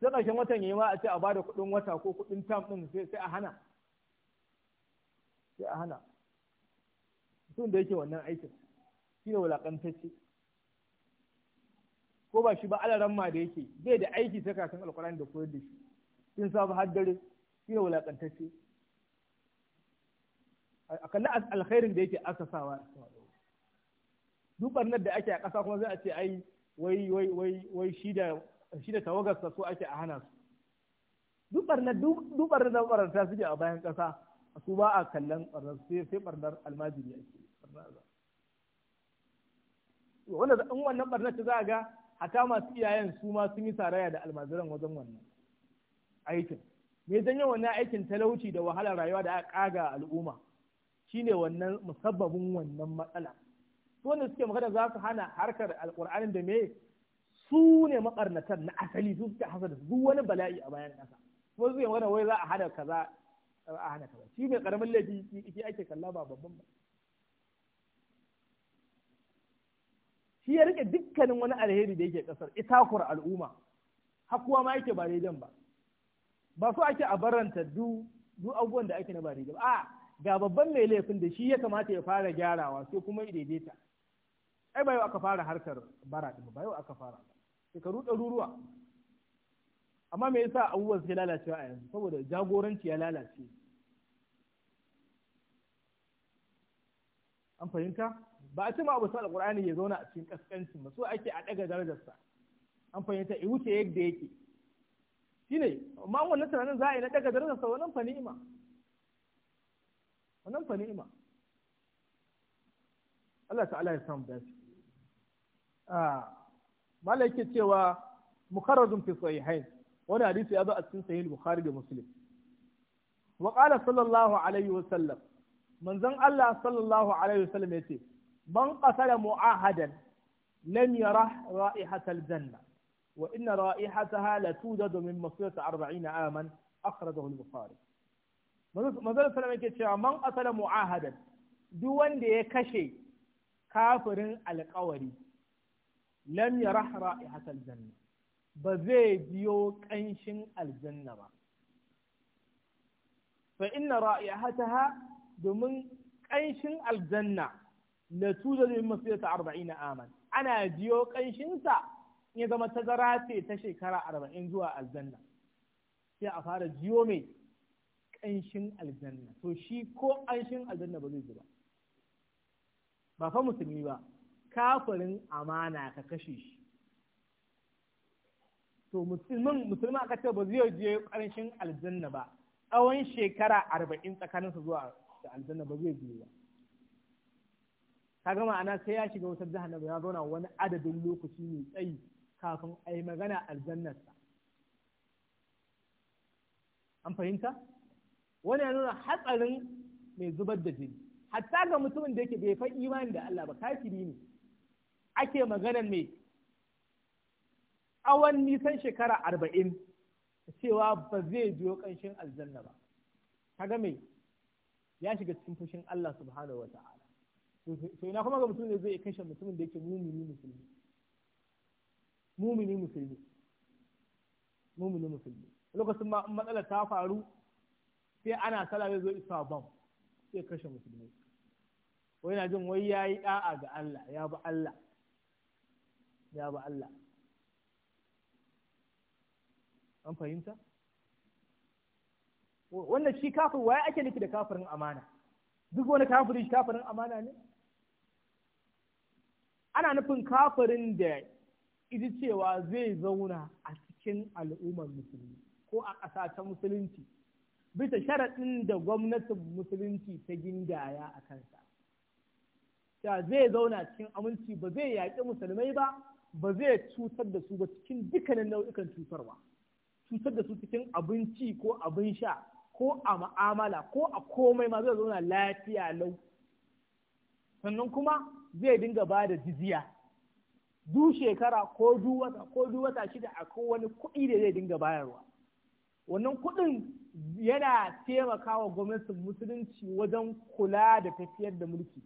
sai ƙarshen watan yi ma a ce a bada kuɗin wata ko kuɗin tam ɗin sai a hana sai a hana mutum da yake wannan aikin shi ne wulaƙantacce ko ba shi ba alaran ma da yake bai da aiki ta kasan alƙur'ani da koyar da shi yin sabu har dare shi ne wulaƙantacce a kalli alkhairin da yake asasawa duk barnar da ake a ƙasa kuma zai a ce ai wai wai wai wai shi da shi da tawagarsa so ake a hana su duk barnar duk ɓarnar da ɓarnarta suke a bayan ƙasa su ba a kallon ɓarnar sai sai ɓarnar almajiri ake wanda in wannan ɓarnar ta za a ga hata masu iyayen su ma sun yi saraya da almajiran wajen wannan aikin me janyo wannan aikin talauci da wahalar rayuwa da aka kaga al'umma shine wannan musabbabin wannan matsala to wanda suke magana za su hana harkar alqur'anin da me su ne makarnatan na asali su suke hasada duk wani bala'i a bayan kasa ko su yi wani wai za a hana kaza a hana kaza shi ne karamin laifi shi ake kalla ba babban ba shi ya rike dukkanin wani alheri da yake kasar kur al'umma hakuwa ma yake ba daidan ba ba so ake a baranta du duk abubuwan da ake na ba daidai ba a ga babban mai laifin da shi ya kamata ya fara gyarawa sai kuma ya daidaita ai ba yau aka fara harkar bara ɗin ba yau aka fara shekaru ɗaruruwa amma me yasa abubuwan suke lalacewa a yanzu saboda jagoranci ya lalace an fahimta ba a cima ma abu sa alƙur'ani ya zauna a cikin ƙasƙancin ba so ake a ɗaga darajarsa an fahimta ya wuce yadda yake shine amma wannan tunanin za a yi na daga darajarsa wannan fa ni'ima wannan fa ni'ima Allah ta'ala ya samu dace ah malai yake cewa mukarrarun fi sahihain wani hadisi ya zo a cikin sahih bukhari da muslim wa qala sallallahu alaihi wa sallam manzon Allah sallallahu alaihi wa sallam yace man qasara mu'ahadan lam yara ra'ihatal janna وإن رائحتها لتوجد من مصيرة أربعين عاما أخرجه البخاري manzon salama yake cewa man asala mu'ahadan duk wanda ya kashe kafirin alkawari lam yarah ra'ihatal janna ba zai biyo kanshin aljanna ba fa inna ra'ihataha domin kanshin aljanna la tujadu min masirata 40 aman ana biyo kanshin sa ya zama tazara ce ta shekara arba'in zuwa aljanna sai a fara jiyo mai ƙanshin aljanna to shi ko ƙanshin aljanna ba zai ji ba ba fa musulmi ba kafirin amana ka kashe shi to musulmin musulmi aka ce ba zai ji ƙanshin aljanna ba tsawon shekara arba'in su zuwa da aljanna ba zai ji ba ka gama ana sai ya shiga wutar na ya zauna wani adadin lokaci mai tsayi kafin a yi magana aljannarsa an fahimta wani ya nuna hatsarin mai zubar da jini hatta ga mutumin da yake bai fa imani da Allah ba kafiri ne ake maganar mai tsawon nisan shekara arba'in cewa ba zai biyo ƙanshin aljanna ba kaga mai ya shiga cikin fushin Allah subhanahu wa ta'ala to ina kuma ga mutum da zai kashe mutumin da yake mumuni musulmi mumini musulmi mumini musulmi lokacin ma matsala ta faru sai ana sala zai zo isa bam sai kashe musulmi wai na jin wai yayi da'a ga Allah ya bi Allah ya bi Allah an fahimta wannan shi kafir waye ake nufi da kafirin amana duk wani kafirin shi kafirin amana ne ana nufin kafirin da ita cewa zai zauna a cikin al'ummar musulmi ko a ƙasa ta musulunci bisa sharaɗin da gwamnatin musulunci ta gindaya a kansa. Da zai zauna cikin aminci ba zai yaƙi musulmai ba, ba zai cutar da su ba cikin dukkanin nau'ikan cutarwa. Cutar da su cikin abinci ko abin sha ko a ma'amala ko a komai ma zai zauna lafiya lau. Sannan kuma zai dinga ba da jizya. du shekara ko du wata ko du wata shida akwai wani kuɗi da zai dinga bayarwa wannan kuɗin yana taimakawa gwamnatin musulunci wajen kula da tafiyar da mulki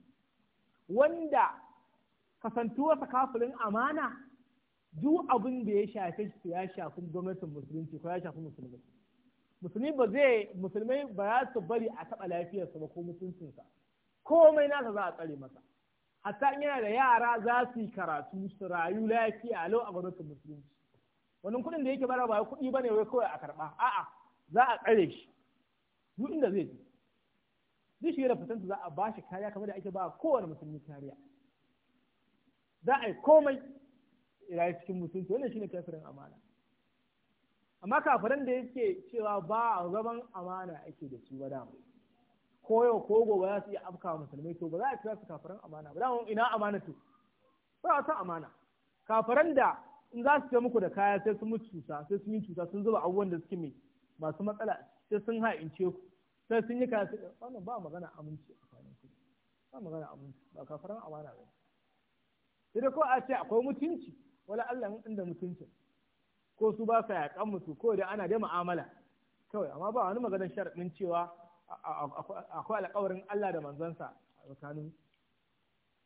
wanda kasantuwarsa kafirin amana du abin da ya shafe shi ya shafi gwamnatin musulunci ko ya shafi musulmi musulmi ba zai musulmai ba za su bari a taɓa lafiyarsa ba ko mutuncinsa komai nasa za a tsare masa hatta in yana da yara za su yi karatu su rayu lafiya lau a gwamnatin musulunci wannan kuɗin da yake bara ba kuɗi ne wai kawai a karɓa a'a za a tsare shi duk inda zai je duk shi da fitanta za a ba shi kariya kamar da ake ba kowane musulmi kariya za a yi komai rayu cikin musulunci wannan shine kafirin amana amma kafiran da yake cewa ba a zaman amana ake da su ba dama ko yau ko gobe za su iya afka musulmai to ba za a kira su kafaran amana ba dama ina amana to ba a san amana kafaran da in za su ce muku da kaya sai sun mutu cuta sai sun yi cuta sun zuba abubuwan da suke mai masu matsala sai sun ha'ince ku sai sun yi kaya sai wannan ba magana aminci a kwanan ku ba magana aminci ba kafaran amana ba sai dai ko a ce akwai mutunci wala Allah inda mutuncin ko su ba sa yakan mutu ko da ana da mu'amala kawai amma ba wani maganar sharaɗin cewa akwai alƙawarin Allah da manzansa a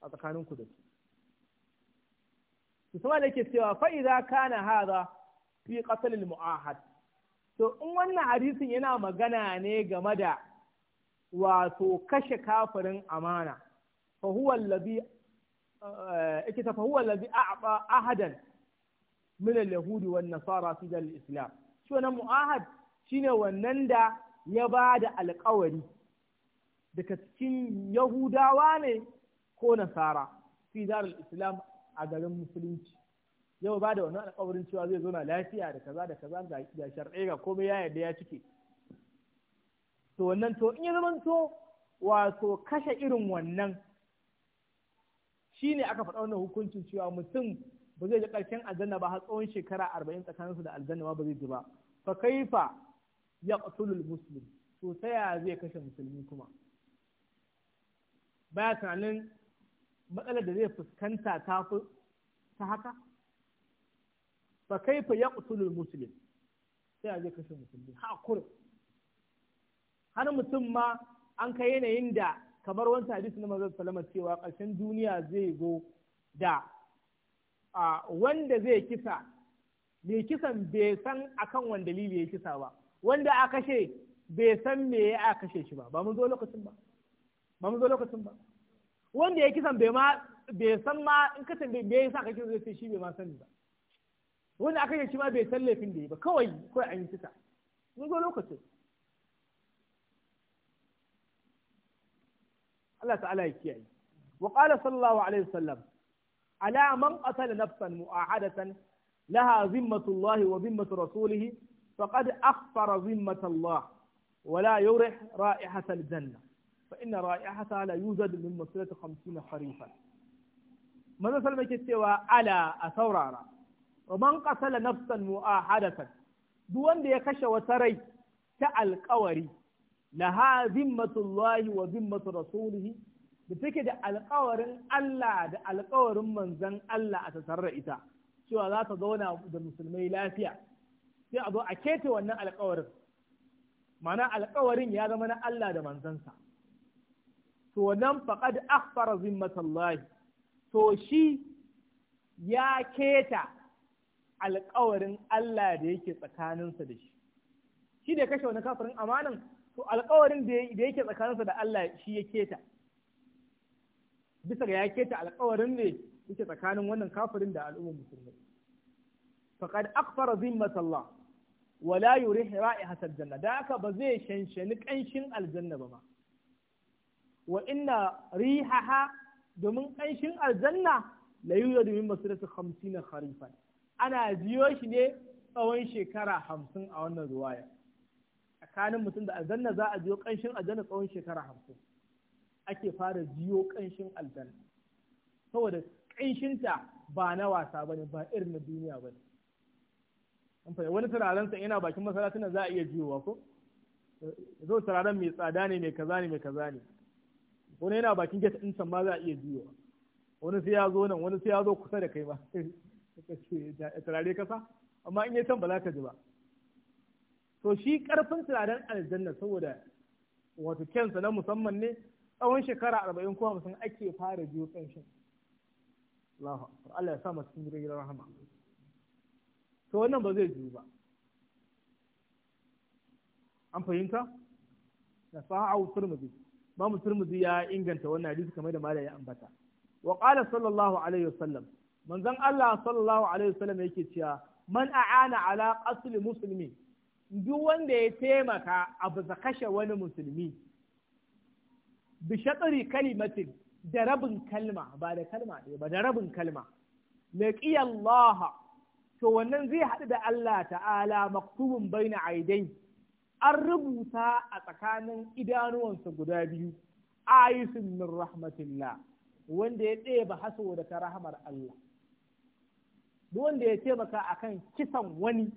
tsakanin ku da su. Su sama da ke cewa ka na haza fi ƙasalil mu'ahad. To, in wannan hadisin yana magana ne game da wato kashe kafirin amana, fahuwan labi ikita a ahadan minal yahudi wan nasara fi dal islam shi wannan mu'ahad shine wannan da ya ba da alkawari daga cikin Yahudawa ne ko Nasara fi zarar Islam a garin Musulunci. Yau ba da wannan alkawarin cewa zai zo na lafiya da kaza da kaza ga shar'i ga komai ya yadda ya cike. To wannan to in ya to wato kashe irin wannan shi ne aka faɗa wannan hukuncin cewa mutum ba zai ji ƙarshen aljanna ba har tsawon shekara arba'in tsakaninsu da aljanna ba zai ji ba. Fa kaifa yaqtulul muslim to ta yaya zai kashe musulmi kuma baya tunanin matsalar da zai fuskanta ta fi ta haka fa kaifa yaqtulul muslim sai ya zai kashe musulmi ha kur har mutum ma an kai yanayin da kamar wani hadisi na manzon salama cewa ƙarshen duniya zai go da wanda zai kisa mai kisan bai san akan wanda dalili ya kisa ba wanda a kashe bai san me ya a kashe shi ba ba mu zo lokacin ba ba mu zo lokacin ba wanda ya kisan bai ma bai san ma in ka tambaye me yasa kake zai ce shi bai ma sani ba wanda aka kashe shi ma bai san laifin da yi ba kawai kawai an yi kisa mun zo lokacin Allah ta'ala ya kiyaye wa qala sallallahu alaihi wasallam ala man qatala nafsan mu'ahadatan laha zimmatullahi wa zimmatu rasulihi فقد أخفر ذمة الله ولا يرح رائحة الجنة فإن رائحتها لا يوجد من مسيرة خمسين خريفا ماذا سلمك السوى على أثورارا ومن قتل نفسا مؤاحدة دون دي كش وتري كالقوري لها ذمة الله وذمة رسوله da take da alkawarin Allah da alkawarin manzan Allah a tattare da ita cewa za ta zauna da musulmai lafiya sai a zo a kete wannan alkawarin mana alkawarin ya zama na Allah da manzansa to nan faqad akhbara zimmatallahi to shi ya keta alkawarin Allah da yake tsakaninsa da shi shi da kashe wani kafirin amanan to alkawarin da yake tsakaninsa da Allah shi ya keta bisa ga ya keta alkawarin ne yake tsakanin wannan kafirin da al'ummar musulmai faqad akhbara zimmatallah wala yurih hasar janna da haka ba zai shanshani kanshin aljanna ba ma wa inna rihaha domin kanshin aljanna la masu min masirati 50 harifan, ana jiyo shi ne tsawon shekara hamsin a wannan ruwaya tsakanin mutum da aljanna za a jiyo kanshin aljanna tsawon shekara hamsin ake fara jiyo kanshin aljanna saboda kanshinta ba na wasa bane ba irin na duniya ne. wani turaren sa yana bakin masallacin nan za a iya jiyowa ko zo turaren mai tsada ne mai kaza ne mai kaza ne wani yana bakin gate din san ma za a iya jiyowa wani sai ya zo nan wani sai ya zo kusa da kai ba turare kasa amma in ya can ba za ka ji ba to shi karfin turaren aljanna saboda wato kensa na musamman ne tsawon shekara arba'in ko hamsin ake fara biyo kanshin Allah ya sa masu cikin rahama to wannan ba zai yiwu ba an fahimta da sahau turmuzi imamu turmuzi ya inganta wannan hadisi kamar da malai ya ambata wa qala sallallahu alaihi wasallam manzan Allah sallallahu alaihi wasallam yake cewa man a'ana ala qatl muslimi duk wanda ya taimaka a bisa kashe wani musulmi bi shatsari kalimatin da rabin kalma ba da kalma ɗaya ba da rabin kalma laqiya Allah to wannan zai haɗu da Allah ta'ala maktubun baina aidai an rubuta a tsakanin idanuwansa guda biyu ayisun min rahmatillah wanda ya ba haso da ta rahamar Allah duk wanda ya taimaka akan kisan wani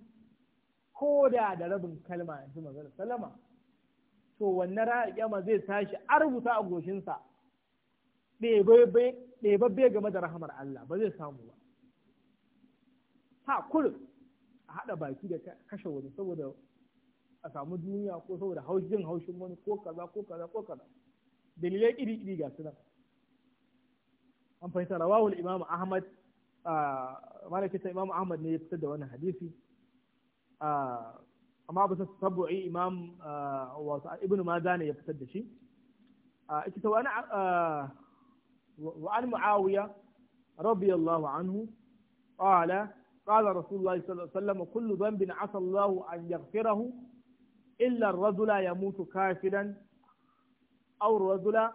ko da da rabin kalma ji magana salama to wannan ra'ayyama zai tashi a rubuta a goshinsa ɗebabbe game da rahamar Allah ba zai samu ba ha kurin a haɗa baki da kashe wani saboda a samu duniya ko saboda haushin haushin wani ko kaza ko kaza ko kaza dalilai iri iri ga su nan an fahimta rawahul imam ahmad malakinta imam ahmad ne ya fitar da wannan hadisi amma bisa sabu'i imam wasu ibnu maza ne ya fitar da shi ita ta wani وعن معاوية رضي الله عنه قال qala rasulullahi sallallahu alaihi wasallam kullu dhanbin asa Allahu an yaghfirahu illa kafiran aw ar-rajula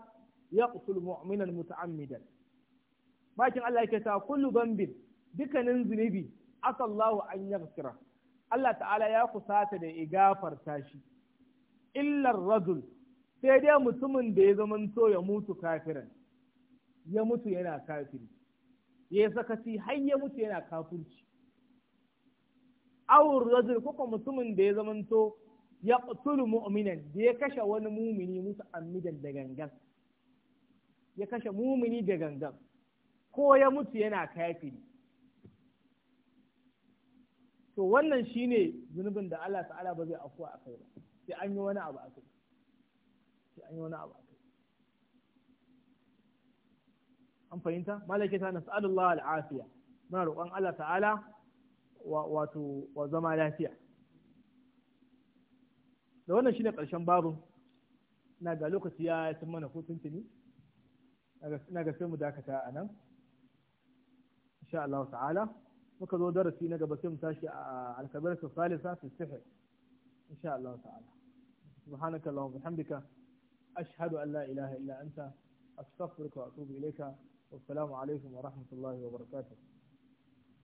yaqtul mu'minan muta'ammidan bakin Allah yake ta kullu dhanbin dukanin zunubi asa Allahu an Allah ta'ala ya kusata da "Igafar tashi!" illar razul, sai dai mutumin da ya zamanto ya mutu kafiran ya mutu yana kafiri ya sakaci har ya mutu yana kafirci awur rajul kuka mutumin da ya zamanto ya qutulu mu'minan da ya kashe wani mumini musu amidan da gangan ya kashe mumini da gangan ko ya mutu yana kafiri to wannan shine zunubin da Allah ta'ala ba zai afuwa a kai ba sai an yi wani abu a kai sai an yi wani abu a kai an fahimta malaka ta nas'alullah al'afiya muna roƙon Allah ta'ala wato wa zama lafiya da wannan shine karshen babu na ga lokaci ya san mana ko tuntuni na ga sai mu dakata a nan insha Allah ta'ala muka zo darasi na gaba sai mu tashi a alkabar su salisa su sihir insha Allah ta'ala subhanaka Allahumma bihamdika ashhadu an la ilaha illa anta astaghfiruka wa atubu ilayka والسلام عليكم ورحمة الله وبركاته